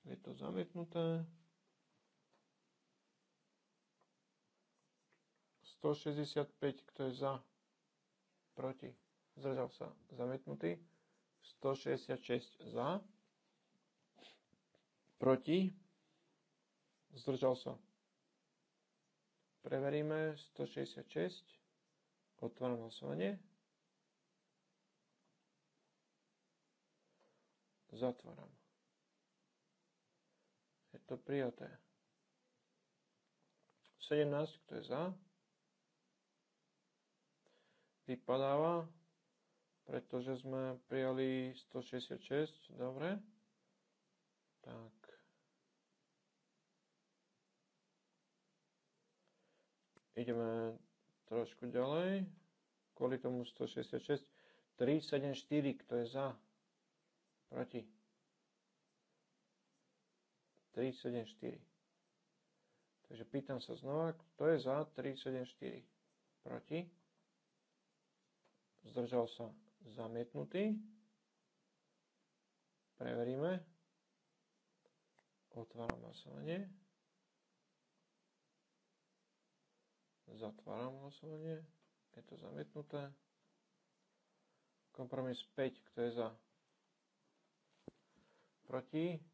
Je to zamietnuté. 165, kto je za, proti, zdržal sa, zamietnutý. 166 za, proti, zdržal sa. Preveríme 166, otváram hlasovanie. Zatváram. Je to prijaté. 17, kto je za, vypadáva, pretože sme prijali 166, dobre. Tak. Ideme trošku ďalej. Kvôli tomu 166. 374, kto je za? Proti. 374. Takže pýtam sa znova, kto je za 374? Proti? zdržal sa zamietnutý. Preveríme. Otváram hlasovanie. Zatváram hlasovanie. Je to zamietnuté. Kompromis 5, kto je za? Proti?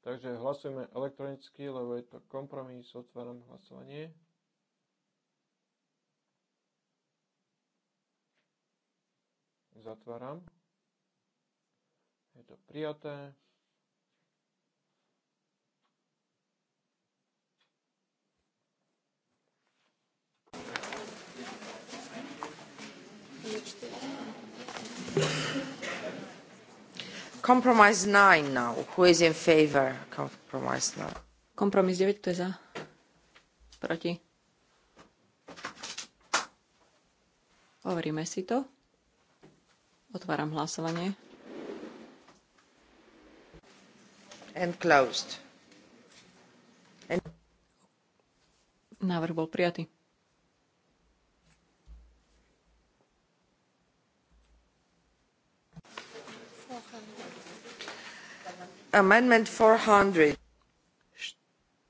Takže hlasujeme elektronicky, lebo je to kompromis. Otváram hlasovanie. Zatváram. Je to prijaté. Thank you. Compromise 9 now. Who is in favor? Compromise 9. Kompromis 9, kto je za? Proti? Overíme si to. Otváram hlasovanie. And closed. And... Návrh bol prijatý. Amendment 400.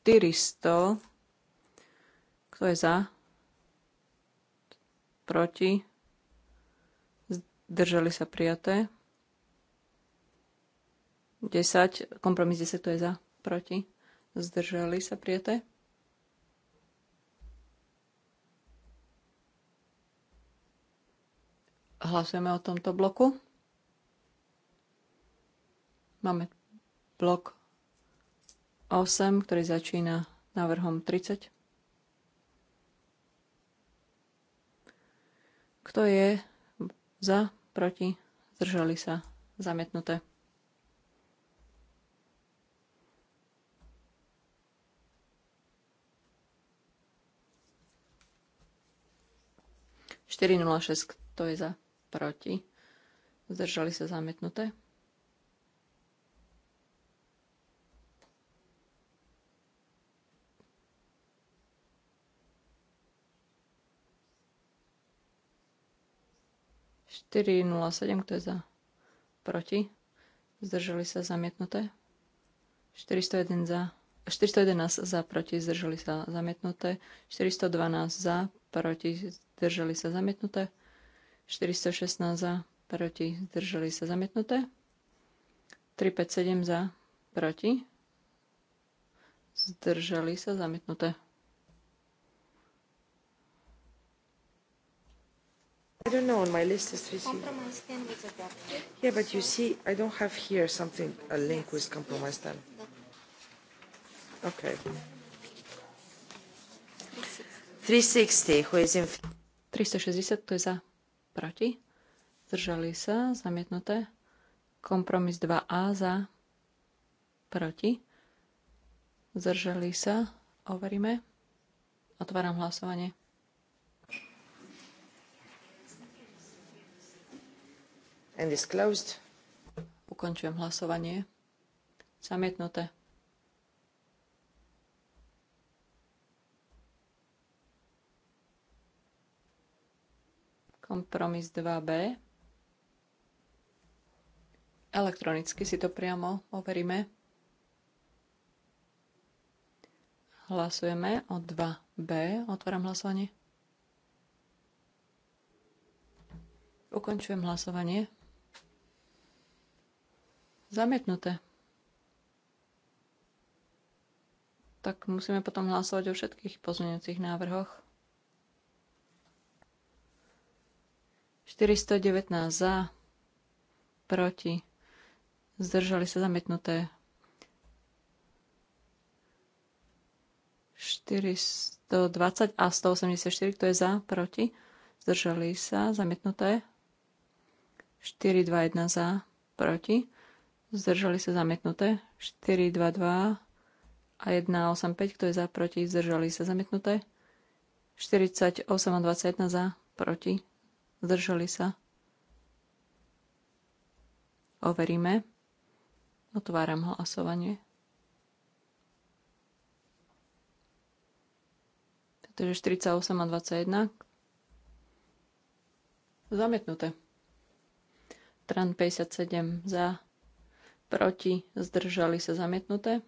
400. Kto je za? Proti? Zdržali sa prijaté. 10. Kompromis 10. Kto je za? Proti? Zdržali sa prijaté. Hlasujeme o tomto bloku. Máme blok 8, ktorý začína návrhom 30. Kto je za, proti, zdržali sa, zamietnuté. Štyri nula šesť, kto je za, proti, zdržali sa, zamietnuté. 407, kto je za? Proti? Zdržali sa zamietnuté. 401 za. 411 za, proti, zdržali sa zamietnuté. 412 za, proti, zdržali sa zamietnuté. 416 za, proti, zdržali sa zamietnuté. 357 za, proti, zdržali sa zamietnuté. I don't know, on my list is three c Yeah, but you see, I don't have here something, a link with compromise 10. Okay. 360, who is in... 360, to je za, proti. Zdržali sa, zamietnuté. Kompromis 2A za, proti. Zdržali sa, overíme. Otváram hlasovanie. And is closed. Ukončujem hlasovanie. Zamietnuté. Kompromis 2b. Elektronicky si to priamo overíme. Hlasujeme o 2b. Otváram hlasovanie. Ukončujem hlasovanie. Zamietnuté. Tak musíme potom hlasovať o všetkých pozmeňujúcich návrhoch. 419 za, proti, zdržali sa zamietnuté. 420 a 184, kto je za, proti, zdržali sa, zamietnuté. 421 za, proti, zdržali sa zametnuté. 4, 2, 2 a 1, 8, 5, kto je za, proti, zdržali sa zametnuté. 48 a 21 za, proti, zdržali sa. Overíme. Otváram hlasovanie. Takže 48 a 21. Zametnuté. Tran 57 za, proti, zdržali sa zamietnuté.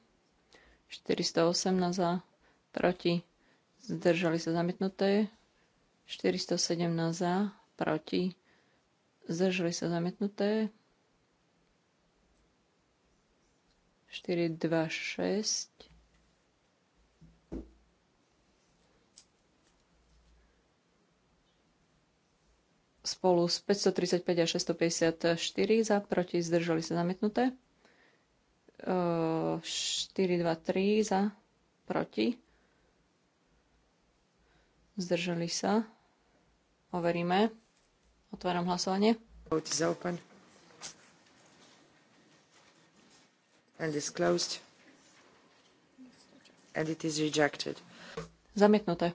418 za, proti, zdržali sa zamietnuté. 417 za, proti, zdržali sa zamietnuté. 426. 6. Spolu s 535 a 654 za, proti, zdržali sa zamietnuté. 4, 2, 3 za, proti. Zdržali sa. Overíme. Otváram hlasovanie. Vote is open. And is closed. And it is rejected. Zamietnuté.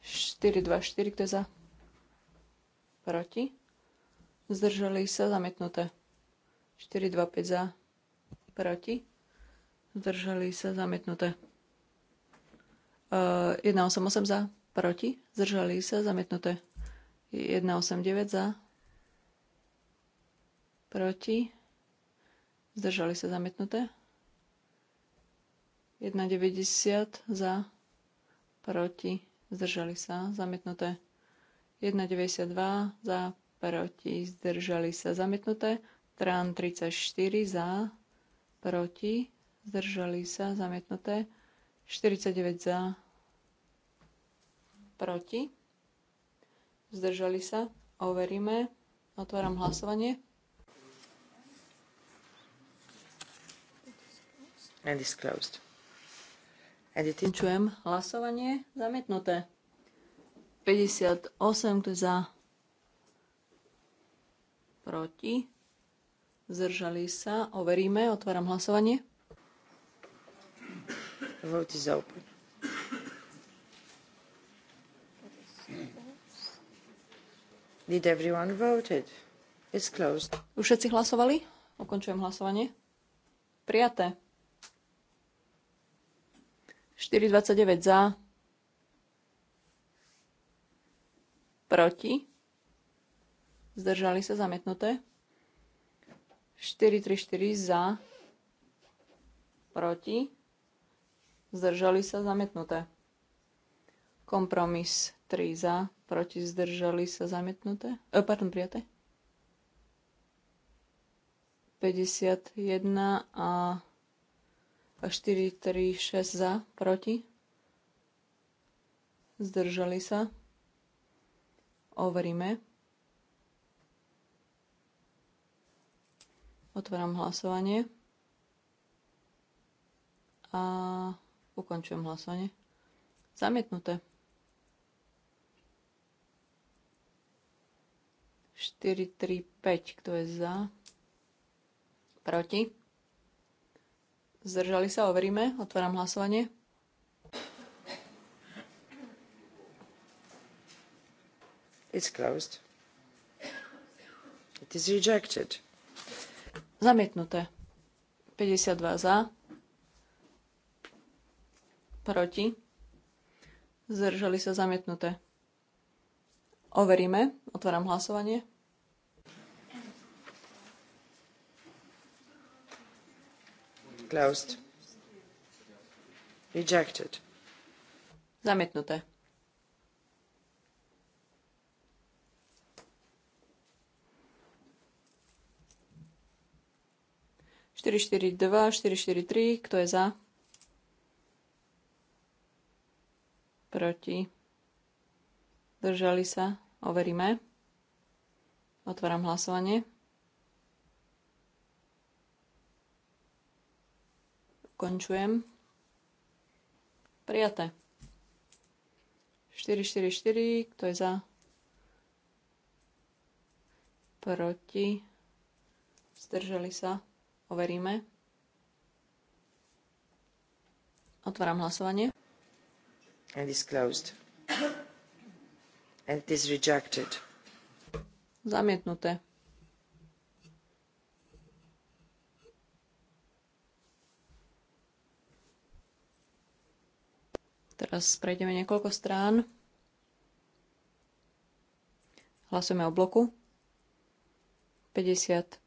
4, 2, 4, kto je za? Proti. Zdržali sa. Zamietnuté. 4, 2, 5 za proti, zdržali sa zamietnuté. 188 e, za, proti, zdržali sa zamietnuté. 189 za, proti, zdržali sa zamietnuté. 1,90 za, proti, zdržali sa, zamietnuté. 1,92 za, proti, zdržali sa, zamietnuté. Tran 34 za, proti, zdržali sa, zamietnuté. 49 za, proti, zdržali sa, overíme. Otváram hlasovanie. And is closed. And it hlasovanie, zamietnuté. 58, za, proti, Zdržali sa. Overíme. Otváram hlasovanie. Vote is open. Did everyone voted? It's closed. Už všetci hlasovali? Ukončujem hlasovanie. Prijaté. 4,29 za. Proti. Zdržali sa zamietnuté. 4 za, proti, zdržali sa zamietnuté. Kompromis 3 za, proti, zdržali sa zamietnuté. E, pardon, prijaté. 51 a 4, 3, 6 za, proti. Zdržali sa. Overíme. Otváram hlasovanie. A ukončujem hlasovanie. Zamietnuté. 4, 3, 5. Kto je za? Proti? Zdržali sa, overíme. Otváram hlasovanie. It's closed. It is rejected. Zamietnuté. 52 za. Proti. Zdržali sa zamietnuté. Overíme. Otváram hlasovanie. Closed. Rejected. Zamietnuté. 442, 443, kto je za? Proti. Držali sa. Overíme. Otváram hlasovanie. Končujem. Prijaté. 4, kto je za? Proti. Zdržali sa. Overíme. Otváram hlasovanie. And is closed. And is rejected. Zamietnuté. Teraz prejdeme niekoľko strán. Hlasujeme o bloku. 50,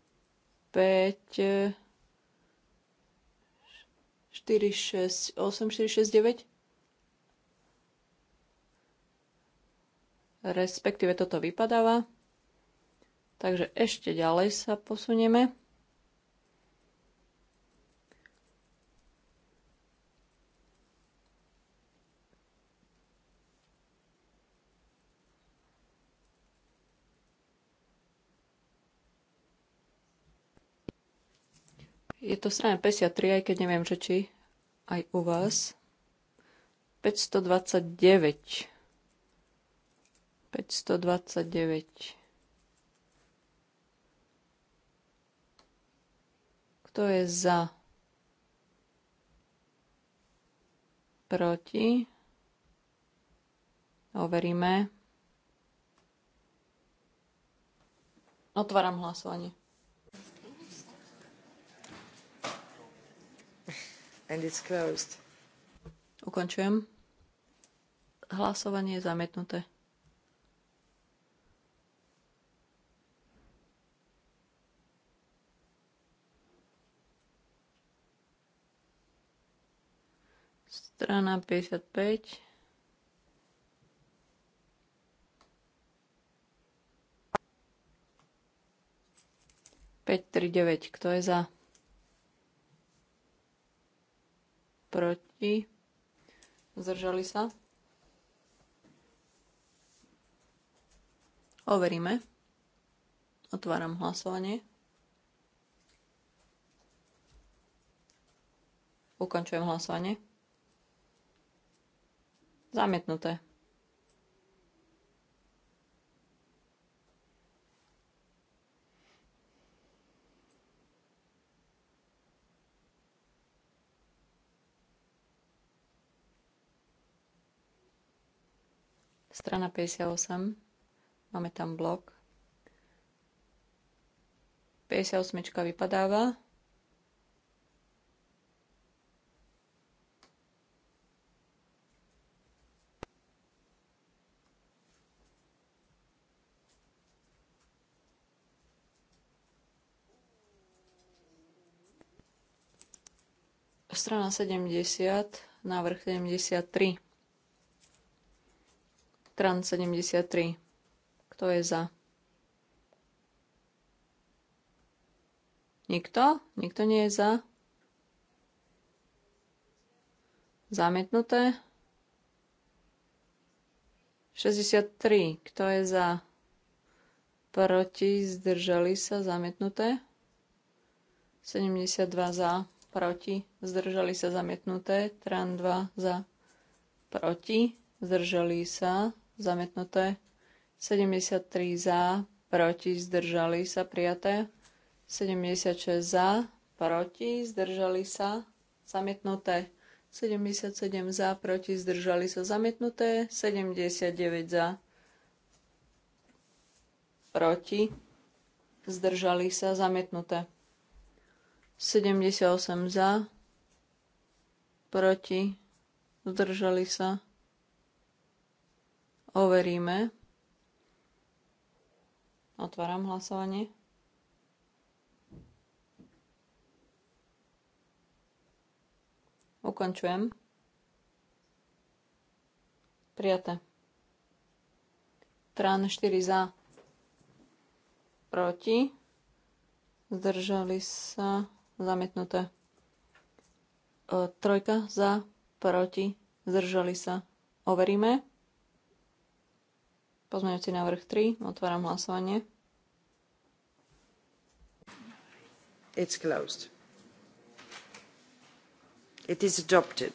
5, 4, 6, 8, 4, 6, 9. Respektíve toto vypadáva. Takže ešte ďalej sa posunieme. to strane 53, aj keď neviem, že či aj u vás. 529. 529. Kto je za? Proti? Overíme. Otváram hlasovanie. And it's closed. Ukončujem. Hlasovanie je zamietnuté. Strana 55. Päť, tri, deväť. Kto je za? proti, zdržali sa. Overíme. Otváram hlasovanie. Ukončujem hlasovanie. Zamietnuté. Strana 58. Máme tam blok. 58 vypadáva. Strana 70, návrh 73. Tran 73. Kto je za? Nikto? Nikto nie je za? Zamietnuté. 63. Kto je za? Proti. Zdržali sa. Zamietnuté. 72 za. Proti. Zdržali sa. Zamietnuté. Tran 2 za. Proti. Zdržali sa zamietnuté. 73 za, proti, zdržali sa, prijaté. 76 za, proti, zdržali sa, zamietnuté. 77 za, proti, zdržali sa, zamietnuté. 79 za, proti, zdržali sa, zamietnuté. 78 za, proti, zdržali sa, overíme. Otváram hlasovanie. Ukončujem. Prijaté. Trán 4 za. Proti. Zdržali sa. Zamietnuté. E, trojka za. Proti. Zdržali sa. Overíme. Pozmeňujúci návrh 3. Otváram hlasovanie. It's closed. It is adopted.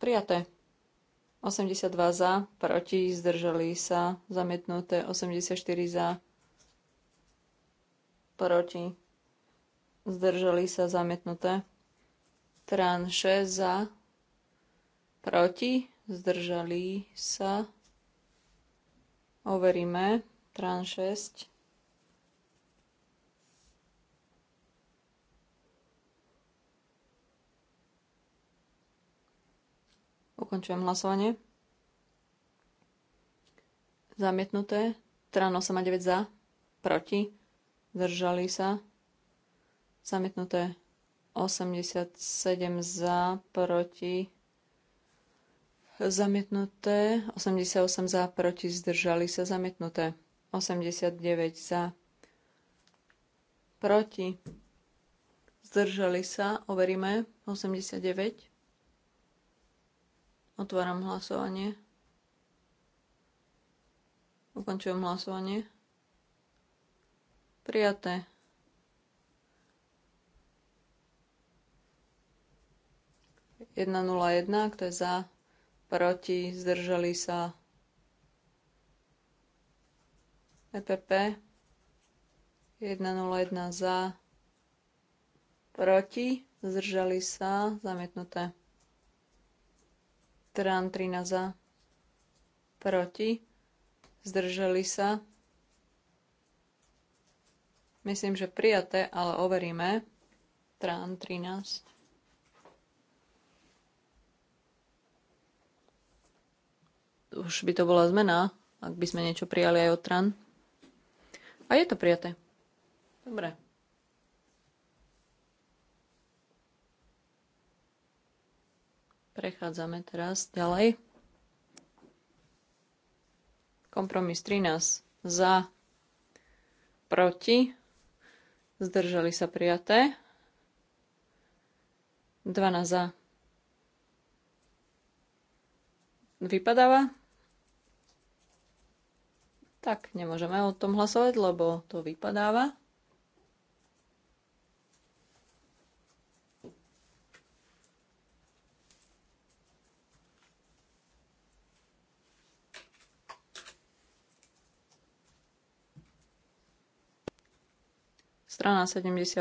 Prijaté. 82 za, proti, zdržali sa, zamietnuté, 84 za, proti, zdržali sa, zamietnuté, trán 6 za, proti, zdržali sa, Overíme. Tran 6. Ukončujem hlasovanie. Zamietnuté. Tran 8 a 9 za. Proti. Zdržali sa. Zamietnuté. 87 za. Proti zamietnuté, 88 za, proti, zdržali sa, zamietnuté, 89 za, proti, zdržali sa, overíme, 89. Otváram hlasovanie. Ukončujem hlasovanie. Prijaté. Jedna nula jedna, kto je za, proti, zdržali sa. EPP 101 za, proti, zdržali sa, zamietnuté. Tran 13 za, proti, zdržali sa. Myslím, že prijaté, ale overíme. Tran 13. už by to bola zmena, ak by sme niečo prijali aj od tran. A je to prijaté. Dobre. Prechádzame teraz ďalej. Kompromis 13 za, proti, zdržali sa prijaté. 12 za. Vypadáva? tak nemôžeme o tom hlasovať, lebo to vypadáva. Strana 78.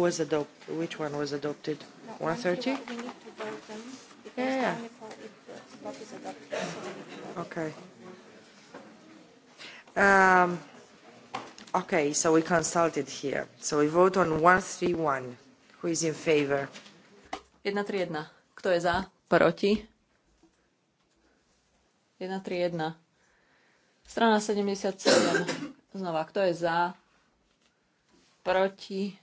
was adopt? Which one was adopted? No, 130? We need to vote them because yeah. if uh, okay. Um, okay, so we consulted here. So we vote on 131. Who is in favor? 131. Kto je za? Proti? 131. Strana 77. Znova, kto je za? Proti?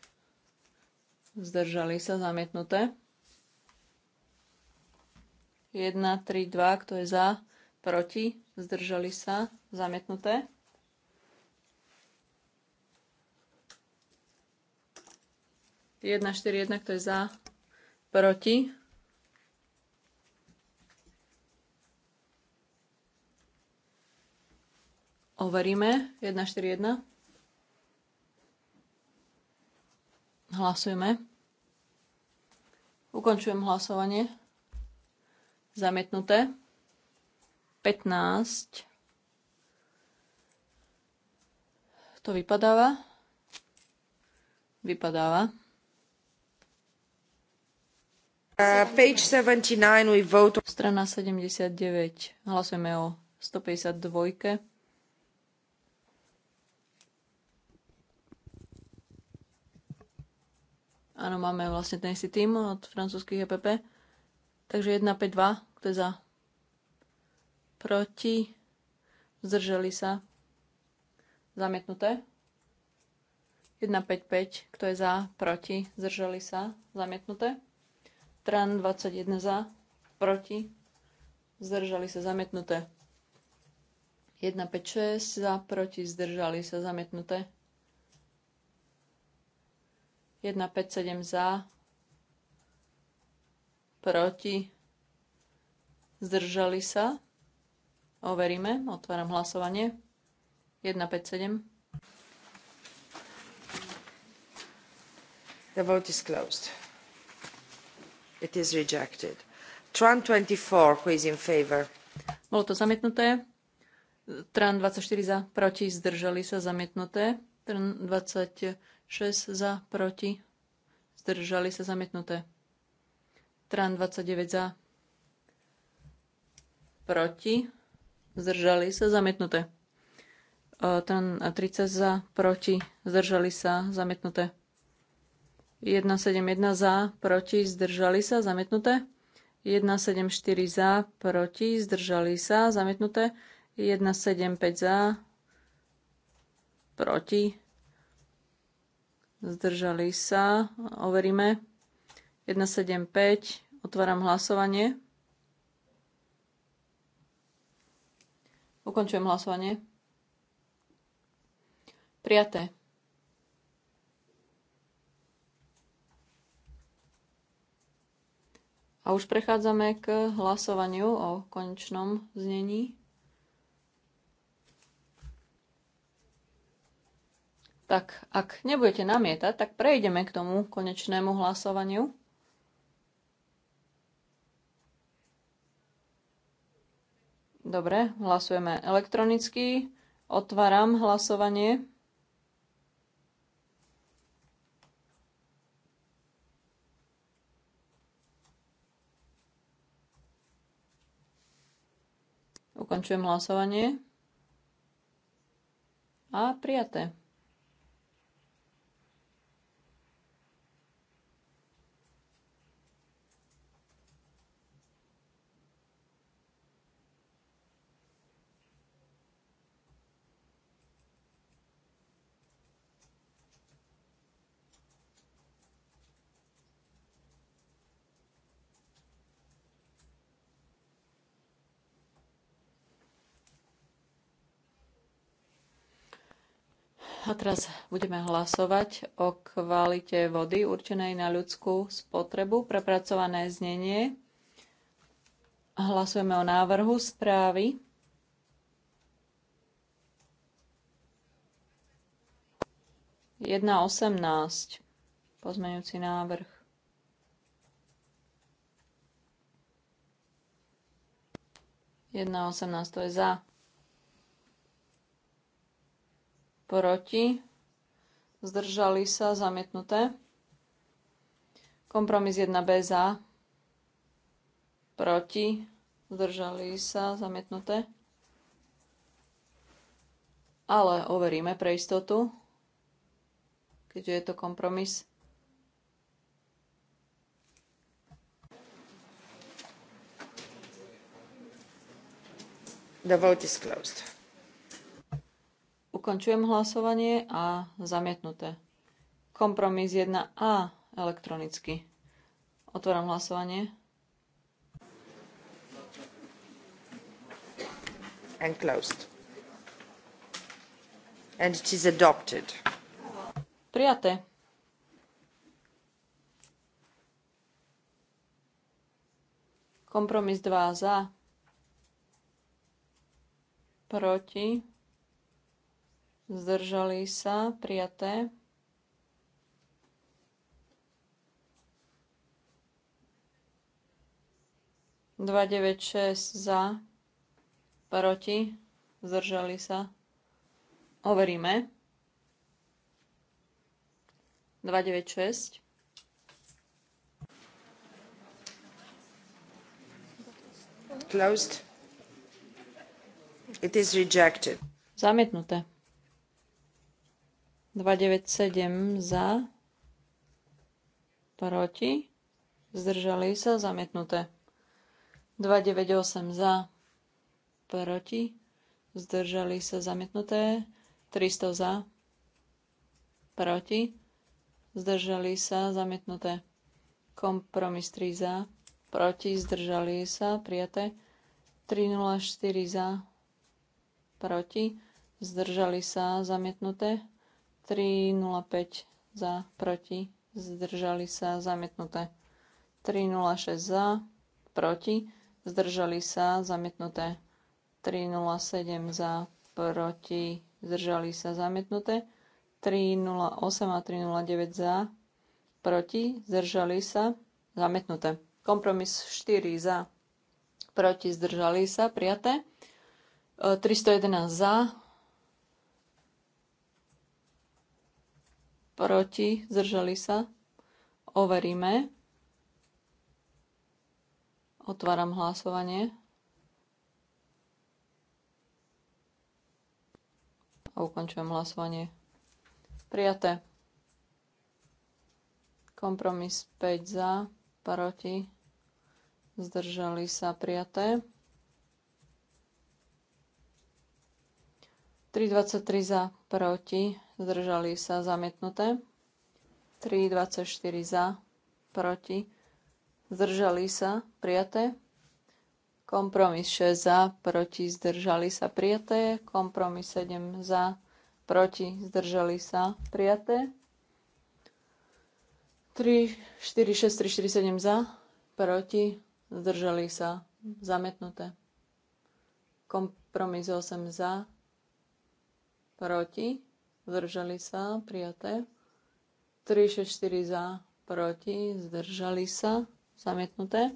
zdržali sa zamietnuté. 1, 3, 2, kto je za, proti, zdržali sa zamietnuté. Jedna, štyri, jedna, kto je za, proti. Overíme. Jedna, 4, jedna. Hlasujeme. Ukončujem hlasovanie. Zamietnuté. 15. To vypadáva. Vypadáva. Uh, page 79, we vote... Strana 79. Hlasujeme o 152. Áno, máme vlastne ten istý tým od francúzských EPP. Takže 1, 5, 2, kto je za? Proti? Zdržali sa? Zamietnuté? 1, 5, 5, kto je za? Proti? Zdržali sa? Zamietnuté? Tran 21 za? Proti? Zdržali sa? Zamietnuté? 1, 5, 6 za? Proti? Zdržali sa? Zamietnuté? 157 za, proti, zdržali sa. Overíme, otváram hlasovanie. 157. The vote is closed. It is rejected. Tran 24, who is in favor? Bolo to zamietnuté. Tran 24 za, proti, zdržali sa, zamietnuté. Tran 24 6 za, proti, zdržali sa zamietnuté. Tran 29 za, proti, zdržali sa zamietnuté. Tran 30 za, proti, zdržali sa zamietnuté. 171 za, proti, zdržali sa zamietnuté. 174 za, proti, zdržali sa zamietnuté. 175 za, proti, zdržali sa, overíme. 175, otváram hlasovanie. Ukončujem hlasovanie. Prijaté. A už prechádzame k hlasovaniu o konečnom znení. Tak ak nebudete namietať, tak prejdeme k tomu konečnému hlasovaniu. Dobre, hlasujeme elektronicky. Otváram hlasovanie. Ukončujem hlasovanie. A prijaté. A teraz budeme hlasovať o kvalite vody určenej na ľudskú spotrebu, prepracované znenie. Hlasujeme o návrhu správy. Jedna osemnásť. Pozmeňujúci návrh. Jedna osemnásť, to je za. proti, zdržali sa, zamietnuté. Kompromis 1B za, proti, zdržali sa, zamietnuté. Ale overíme pre istotu, keďže je to kompromis. Dovolte vote Ukončujem hlasovanie a zamietnuté. Kompromis 1A elektronicky. Otváram hlasovanie. And closed. And it is adopted. Prijaté. Kompromis 2 za. Proti zdržali sa, prijaté. Dva, deväť, šesť za, proti, zdržali sa. Overíme. 296. Closed. It is rejected. Zamietnuté. 297 za, proti, zdržali sa, zamietnuté. 298 za, proti, zdržali sa, zamietnuté. 300 za, proti, zdržali sa, zamietnuté. Kompromis 3 za, proti, zdržali sa, prijaté. 304 za, proti, zdržali sa, zamietnuté. 305 za, proti, zdržali sa, zamietnuté. 306 za, proti, zdržali sa, zamietnuté. 307 za, proti, zdržali sa, zamietnuté. 308 a 309 za, proti, zdržali sa, zamietnuté. Kompromis 4 za, proti, zdržali sa, prijaté. 311 e, za, proti, zdržali sa, overíme. Otváram hlasovanie. A ukončujem hlasovanie. Prijaté. Kompromis 5 za, proti, zdržali sa, prijaté. 3,23 za, proti, zdržali sa zamietnuté. 3, 24 za, proti, zdržali sa prijaté. Kompromis 6 za, proti, zdržali sa prijaté. Kompromis 7 za, proti, zdržali sa prijaté. 3, 4, 6, 3, 4, 7 za, proti, zdržali sa zamietnuté. Kompromis 8 za, proti, zdržali sa, prijaté. 3, 6, 4 za, proti, zdržali sa, zamietnuté.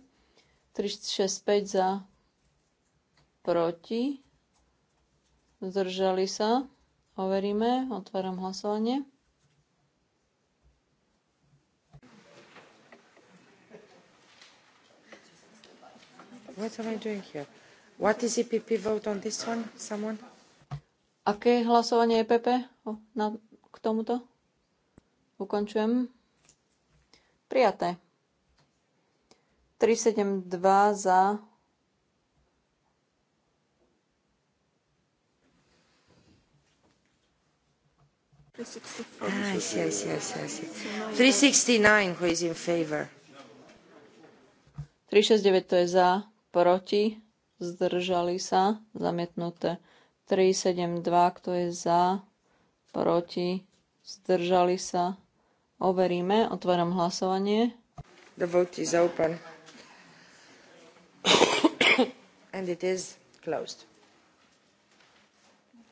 3, 6, 5 za, proti, zdržali sa, overíme, otváram hlasovanie. What am I doing here? What is EPP vote on this one? Someone? Aké hlasovanie EPP na, k tomuto? Ukončujem. Prijaté. 372 za. Ah, yes, yes, yes. 369 who is in favor. 369 to je za, proti, zdržali sa, zamietnuté. 3, 7, 2, kto je za, proti, zdržali sa. Overíme, otváram hlasovanie. Dovolte za is open. And it is closed.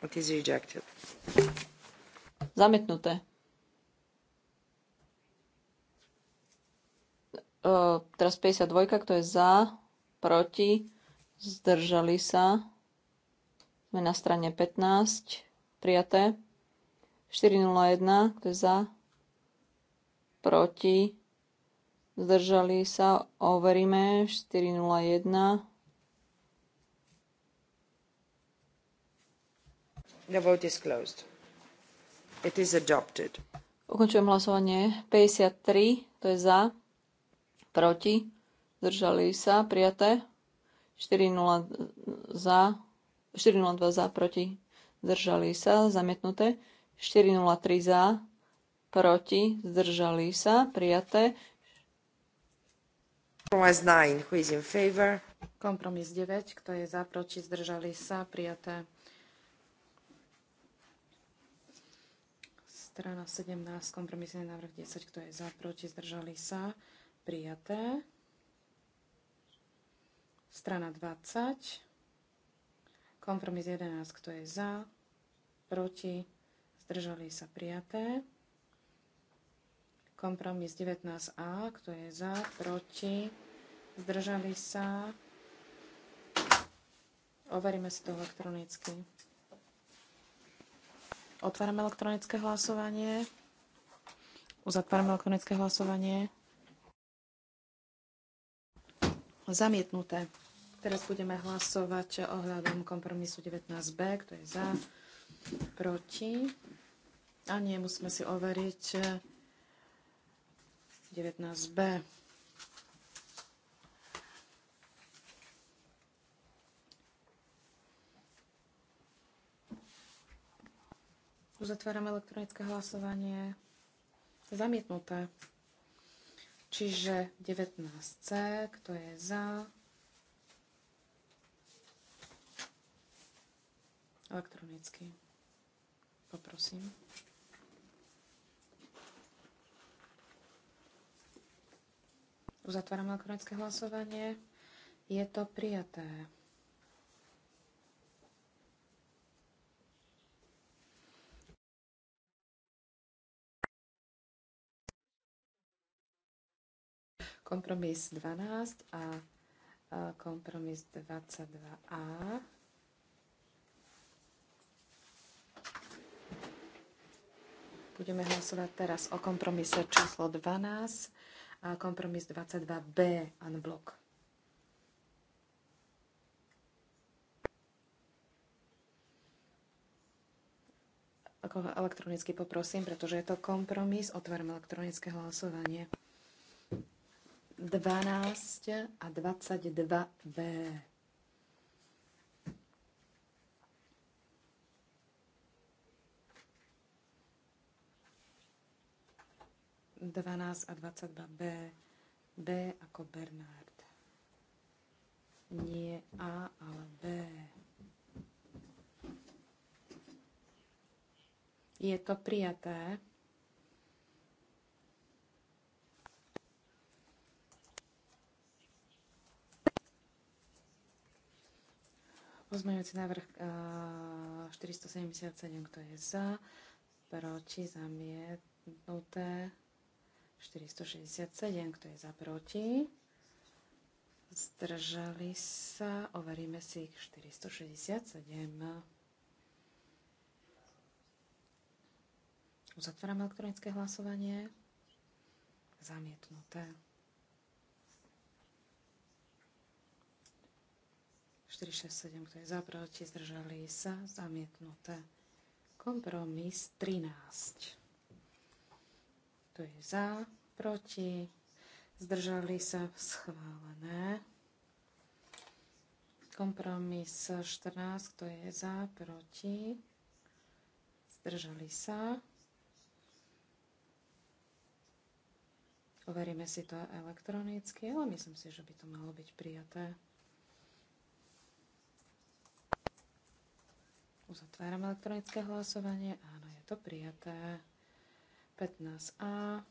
It is rejected. Zametnuté. Uh, teraz 52, kto je za, proti, zdržali sa. Sme na strane 15, prijaté. 401, kto je za, proti, zdržali sa, overíme, 401. The vote is closed. It is adopted. Ukončujem hlasovanie. 53, to je za, proti, zdržali sa, prijaté. 4-0 za, 402 za, proti, zdržali sa, zamietnuté. 403 za, proti, zdržali sa, prijaté. Kompromis 9, who is in favor? Kompromis 9, kto je za, proti, zdržali sa, prijaté. Strana 17, kompromisný návrh 10, kto je za, proti, zdržali sa, prijaté. Strana 20, Kompromis 11, kto je za, proti, zdržali sa prijaté. Kompromis 19a, kto je za, proti, zdržali sa. Overíme si to elektronicky. Otváram elektronické hlasovanie. Uzatváram elektronické hlasovanie. Zamietnuté. Teraz budeme hlasovať ohľadom kompromisu 19b, kto je za, proti. A nie, musíme si overiť 19b. Eh, Uzatváram elektronické hlasovanie. Zamietnuté. Čiže 19C, kto je za, elektronicky. Poprosím. Uzatváram elektronické hlasovanie. Je to prijaté. Kompromis 12 a kompromis 22a. Budeme hlasovať teraz o kompromise číslo 12 a kompromis 22B unblock. Ako elektronicky poprosím, pretože je to kompromis, otváram elektronické hlasovanie. 12 a 22B. 12 a 22B. B ako Bernard. Nie A, ale B. Je to prijaté. Pozmeňujúci návrh 477, eh, kto je za, proti, zamietnuté. 467, kto je za proti. Zdržali sa, overíme si ich 467. Uzatváram elektronické hlasovanie. Zamietnuté. 467, kto je za, proti, zdržali sa, zamietnuté. Kompromis 13. Kto je za? Proti? Zdržali sa schválené. Kompromis 14. Kto je za? Proti? Zdržali sa. Overíme si to elektronicky, ale myslím si, že by to malo byť prijaté. Uzatváram elektronické hlasovanie. Áno, je to prijaté. 15a.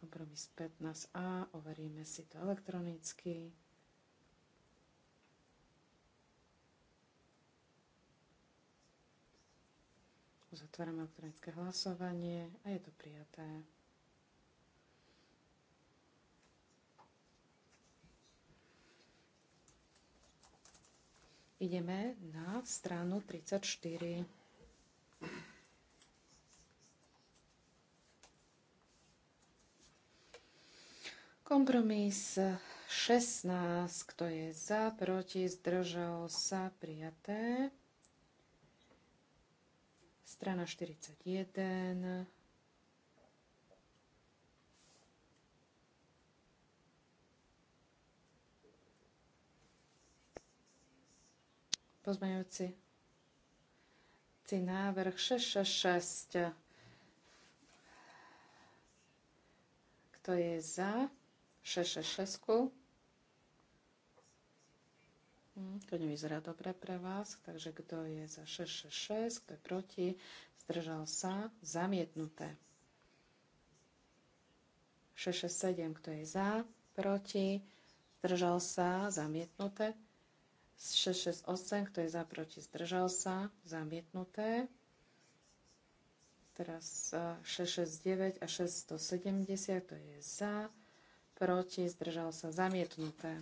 Kompromis 15a. Overíme si to elektronicky. Uzatváram elektronické hlasovanie a je to prijaté. Ideme na stranu 34. Kompromis 16, kto je za, proti, zdržal sa, prijaté. Strana 41. Pozmeňujúci návrh 666. Kto je za? 666. Hm, to nevyzerá dobre pre vás, takže kto je za 666, kto je proti, zdržal sa, zamietnuté. 667, kto je za, proti, zdržal sa, zamietnuté. 668, kto je za, proti, zdržal sa, zamietnuté. Teraz 669 eh, a 670, to je za, proti, zdržal sa zamietnuté.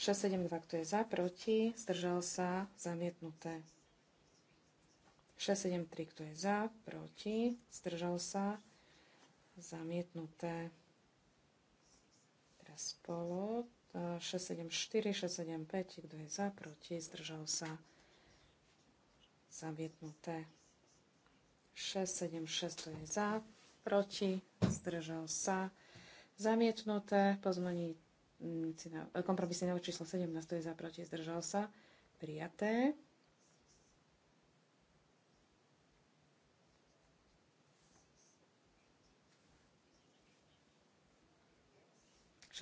Šesť, sedem, dva, kto je za, proti, zdržal sa zamietnuté. 673, kto je za, proti, zdržal sa, zamietnuté. Teraz spolu, 674, 675, kto je za, proti, zdržal sa, zamietnuté. 6, 7, 6, to je za, proti, zdržal sa, zamietnuté, pozmení mm, kompromisný návrh číslo 17 to je za, proti, zdržal sa, prijaté.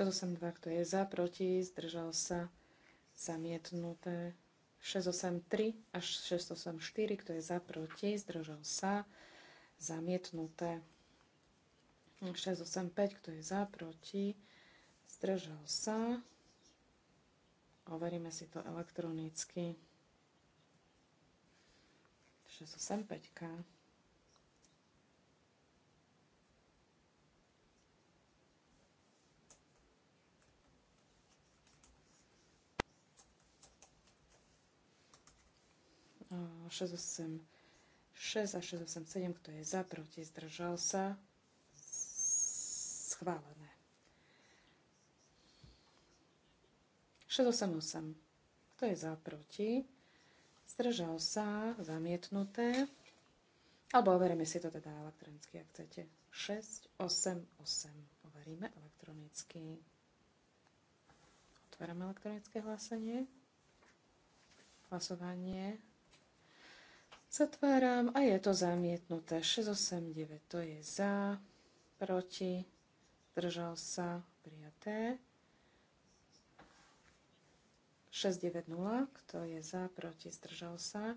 To osem, dva, kto je za, proti, zdržal sa, zamietnuté. 683 až 684, kto je za, proti, zdržal sa, zamietnuté. 685, kto je za, proti, zdržal sa. Overíme si to elektronicky. 685. 686 a 687, kto je za, proti, zdržal sa, schválené. 688, kto je za, proti, zdržal sa, zamietnuté, alebo overíme si to teda elektronicky, ak chcete. 688 overíme elektronicky. Otváram elektronické hlásenie. Hlasovanie Zatváram a je to zamietnuté. 689 to je za, proti, držal sa, prijaté. 690, kto je za, proti, zdržal sa.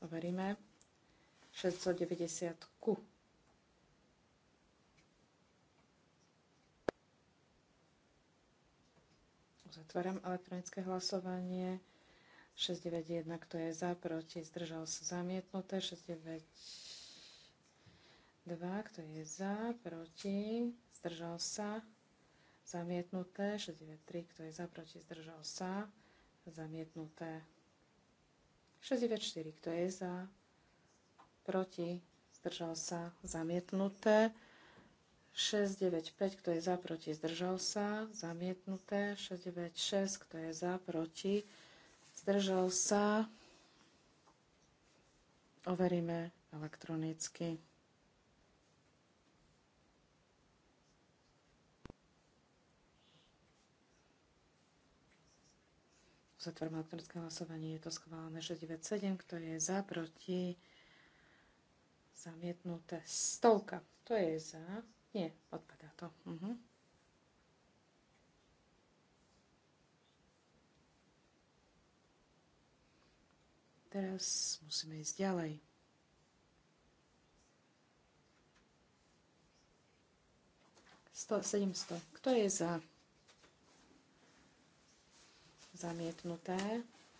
Overíme. 690 ku. Uzatváram elektronické hlasovanie. 691, kto je za, proti, zdržal sa zamietnuté. 692, kto je za, proti, zdržal sa zamietnuté. 693, kto je za, proti, zdržal sa zamietnuté. 694, kto je za, proti, zdržal sa zamietnuté. 695, kto je za, proti, zdržal sa zamietnuté. 696, kto je za, proti, zdržal sa zdržal sa, overíme elektronicky. Zatvorím elektronické hlasovanie. Je to schválené 697. Kto je za, proti? Zamietnuté. stolka. To je za. Nie, odpadá to. Uh-huh. teraz musíme ísť ďalej. Sto, 700. Kto je za? Zamietnuté.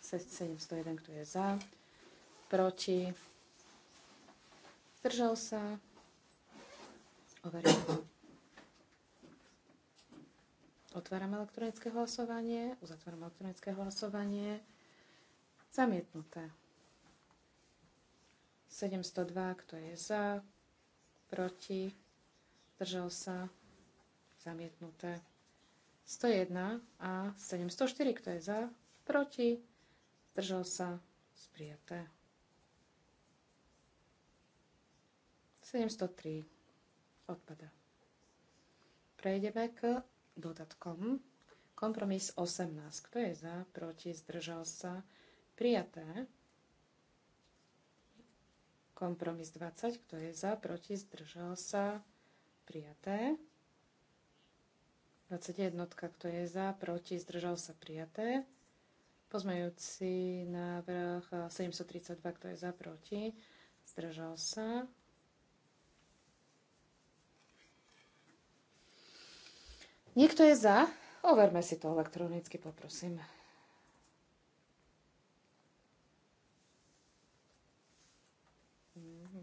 701, kto je za? Proti? Zdržal sa? Overím. Otváram elektronické hlasovanie, uzatváram elektronické hlasovanie. Zamietnuté. 702, kto je za, proti, zdržal sa, zamietnuté. 101 a 704, kto je za, proti, zdržal sa, sprijaté. 703 odpada. Prejdeme k dodatkom. Kompromis 18. Kto je za, proti, zdržal sa, prijaté. Kompromis 20, kto je za, proti, zdržal sa, prijaté. 21, kto je za, proti, zdržal sa, prijaté. Pozmejúci návrh 732, kto je za, proti, zdržal sa. Niekto je za? Overme si to elektronicky, poprosím.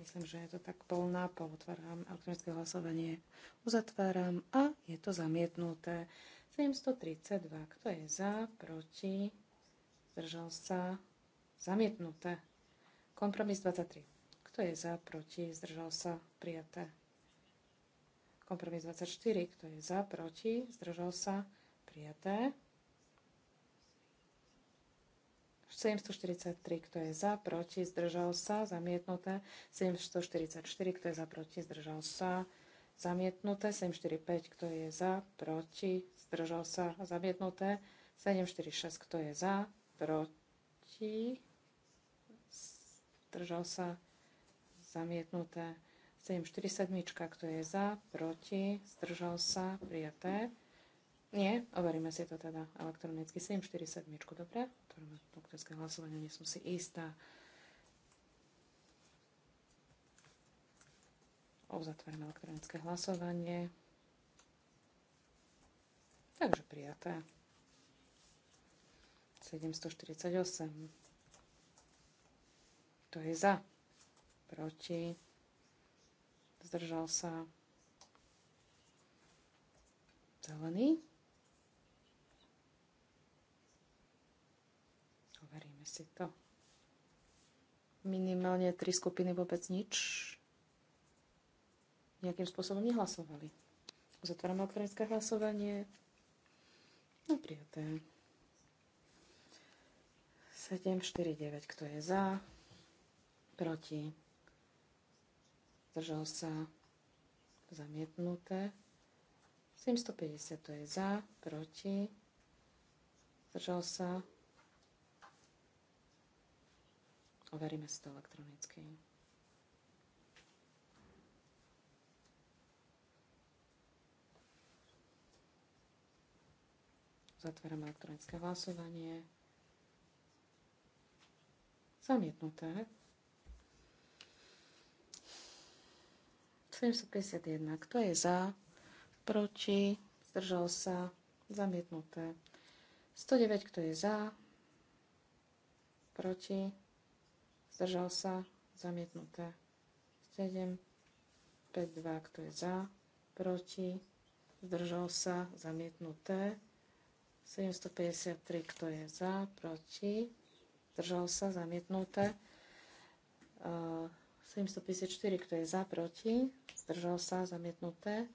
Myslím, že je to tak polná. na pol. Otváram elektronické hlasovanie, uzatváram a je to zamietnuté. 732. Kto je za, proti, zdržal sa, zamietnuté. Kompromis 23. Kto je za, proti, zdržal sa, prijaté. Kompromis 24. Kto je za, proti, zdržal sa, prijaté. 743, kto je za, proti, zdržal sa, zamietnuté. 744, kto je za, proti, zdržal sa, zamietnuté. 745, kto je za, proti, zdržal sa, zamietnuté. 746, kto je za, proti, zdržal sa, zamietnuté. 747, kto je za, proti, zdržal sa, prijaté. Nie, overíme si to teda elektronicky. 747, dobre? má doktorské hlasovanie, nie som si istá. Uzatvorím elektronické hlasovanie. Takže prijaté. 748. To je za. Proti. Zdržal sa. Zelený. si to. Minimálne tri skupiny vôbec nič nejakým spôsobom nehlasovali. Uzatváram elektronické hlasovanie. No prijaté. 7, 4, 9. Kto je za? Proti? Zdržal sa? Zamietnuté. 750 to je za, proti. Zdržal sa? Overíme si to elektronicky. Zatvárame elektronické hlasovanie. Zamietnuté. 751. Kto je za? Proti? Zdržal sa? Zamietnuté. 109. Kto je za? Proti? zdržal sa, zamietnuté. 7, 5, 2, kto je za, proti, zdržal sa, zamietnuté. 753, kto je za, proti, zdržal sa, zamietnuté. 754, kto je za, proti, zdržal sa, zamietnuté.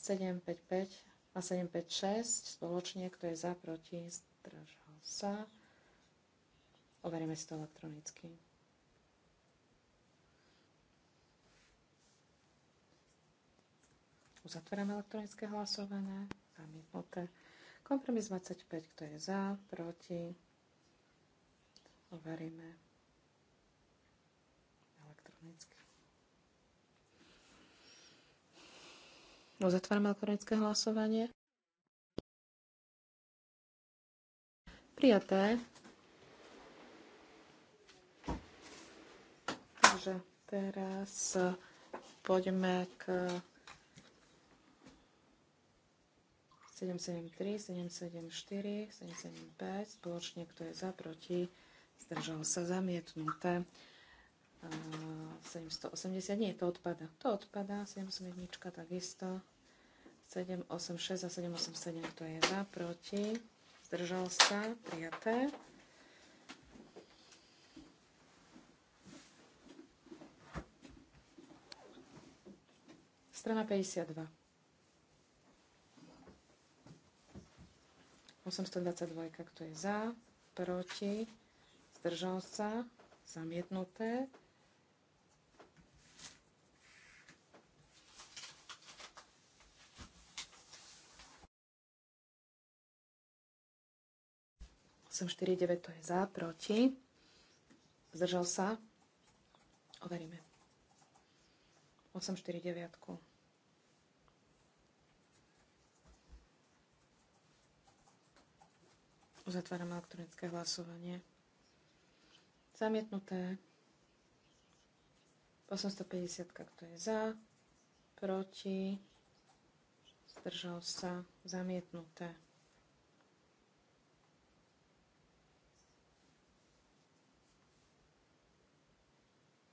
755 a 756 spoločne, kto je za, proti, zdržal sa. Overíme si to elektronicky. Uzatváram elektronické hlasovanie. Zamietnuté. Kompromis 25, kto je za, proti. Overíme elektronicky. Uzatváram elektronické hlasovanie. Prijaté. Takže teraz poďme k 773, 774, 775, spoločne kto je za, proti, zdržal sa zamietnuté. 780, nie, to odpada. To odpada, 781 takisto. 786 a 787, kto je za, proti, zdržal sa, prijaté. Strana 52. 822, kto je za, proti, zdržal sa, zamietnuté. Som 4, 9, to je za, proti. Zdržal sa. Overíme. 8, 4, 9. Uzatváram elektronické hlasovanie. Zamietnuté. 850, kto je za, proti, zdržal sa, zamietnuté.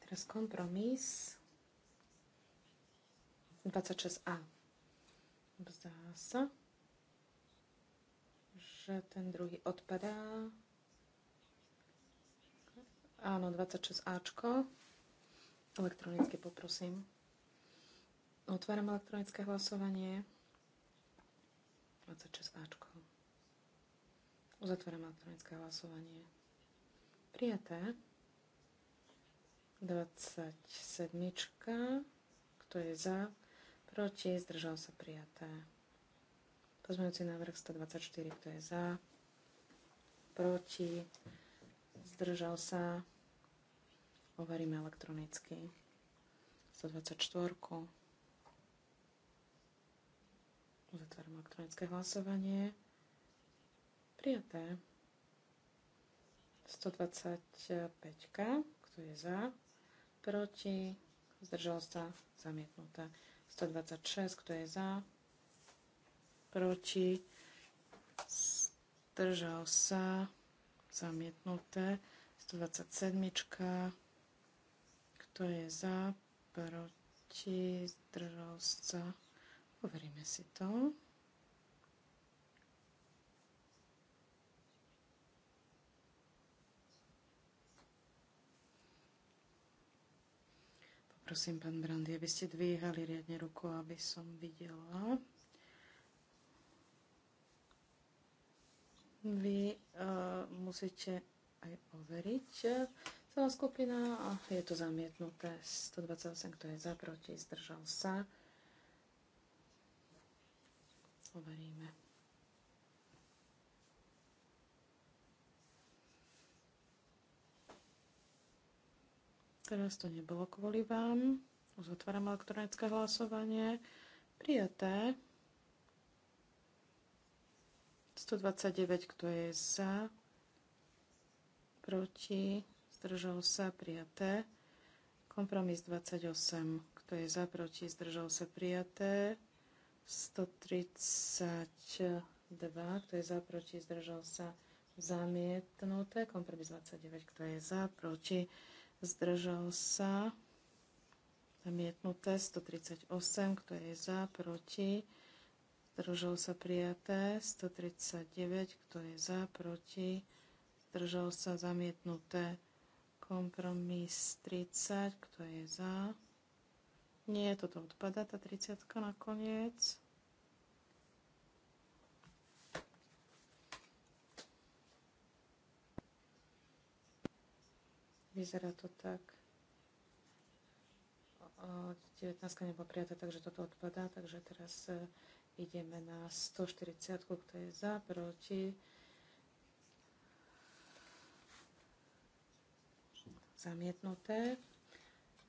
Teraz kompromis 26a. Zdá sa ten druhý odpadá. Áno, 26Ačko. Elektronicky poprosím. Otváram elektronické hlasovanie. 26Ačko. Uzatváram elektronické hlasovanie. Prijaté. 27. Kto je za? Proti? Zdržal sa prijaté. Pozmeňujúci návrh 124, kto je za, proti, zdržal sa, overíme elektronicky. 124. Uzatváram elektronické hlasovanie. Prijaté. 125. Kto je za? Proti? Zdržal sa? Zamietnuté. 126. Kto je za? proti, zdržal sa, zamietnuté, 127, kto je za, proti, zdržal sa, overíme si to. Prosím, pán Brandy, aby ste dvíhali riadne ruku, aby som videla. vy uh, musíte aj overiť. Eh, celá skupina a je to zamietnuté. 128, kto je za, proti, zdržal sa. Overíme. Teraz to nebolo kvôli vám. Uzatváram elektronické hlasovanie. Prijaté. 129, kto je za, proti, zdržal sa, prijaté. Kompromis 28, kto je za, proti, zdržal sa, prijaté. 132, kto je za, proti, zdržal sa, zamietnuté. Kompromis 29, kto je za, proti, zdržal sa, zamietnuté. 138, kto je za, proti, zdržal sa, zdržal sa prijaté, 139, kto je za, proti, zdržal sa zamietnuté, kompromis 30, kto je za, nie, toto odpada, tá 30 nakoniec. Vyzerá to tak. 19 nebola prijatá, takže toto odpadá, takže teraz e, Ideme na 140, kto je za, proti. Zamietnuté.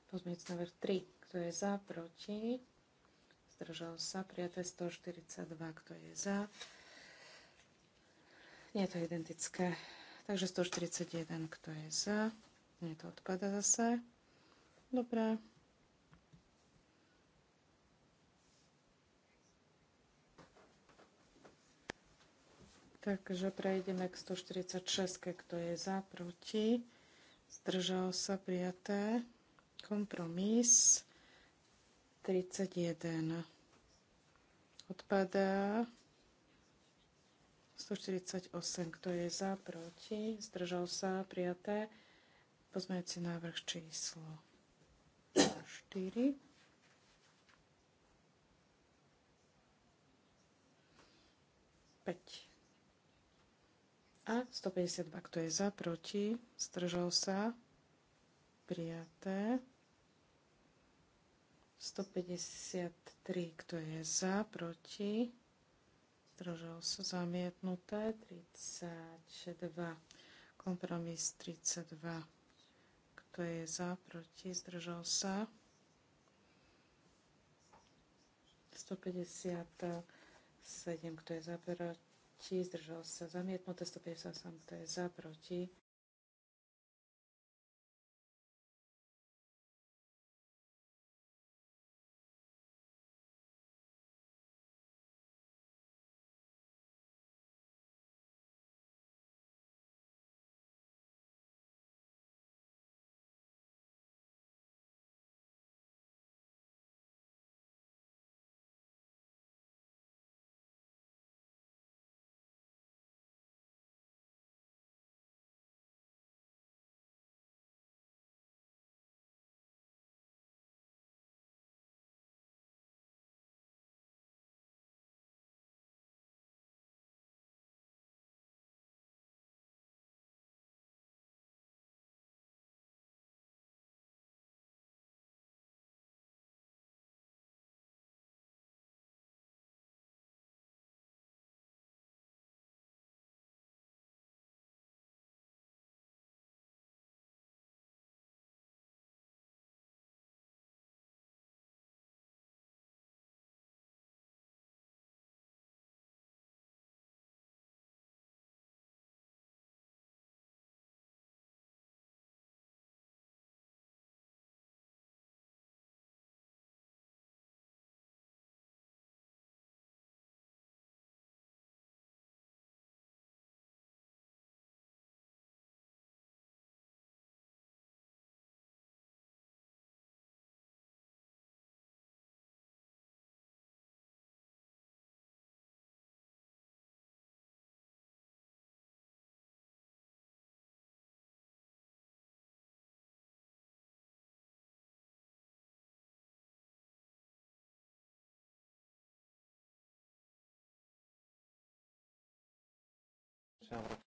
Pozmiec návrh 3, kto je za, proti. Zdržal sa, prijaté 142, kto je za. Nie je to identické. Takže 141, kto je za. Nie to odpada zase. Dobre. Takže prejdeme k 146, kto je za, proti. Zdržal sa prijaté. Kompromis 31. Odpadá 148, kto je za, proti. Zdržal sa prijaté. Pozmejúci návrh číslo 4. Päť. A 152, kto je za, proti, zdržal sa, prijaté. 153, kto je za, proti, zdržal sa, zamietnuté. 32, kompromis 32, kto je za, proti, zdržal sa. 157, kto je za, proti proti, zdržal sa zamietnuté, 158, kto je za, proti, Sám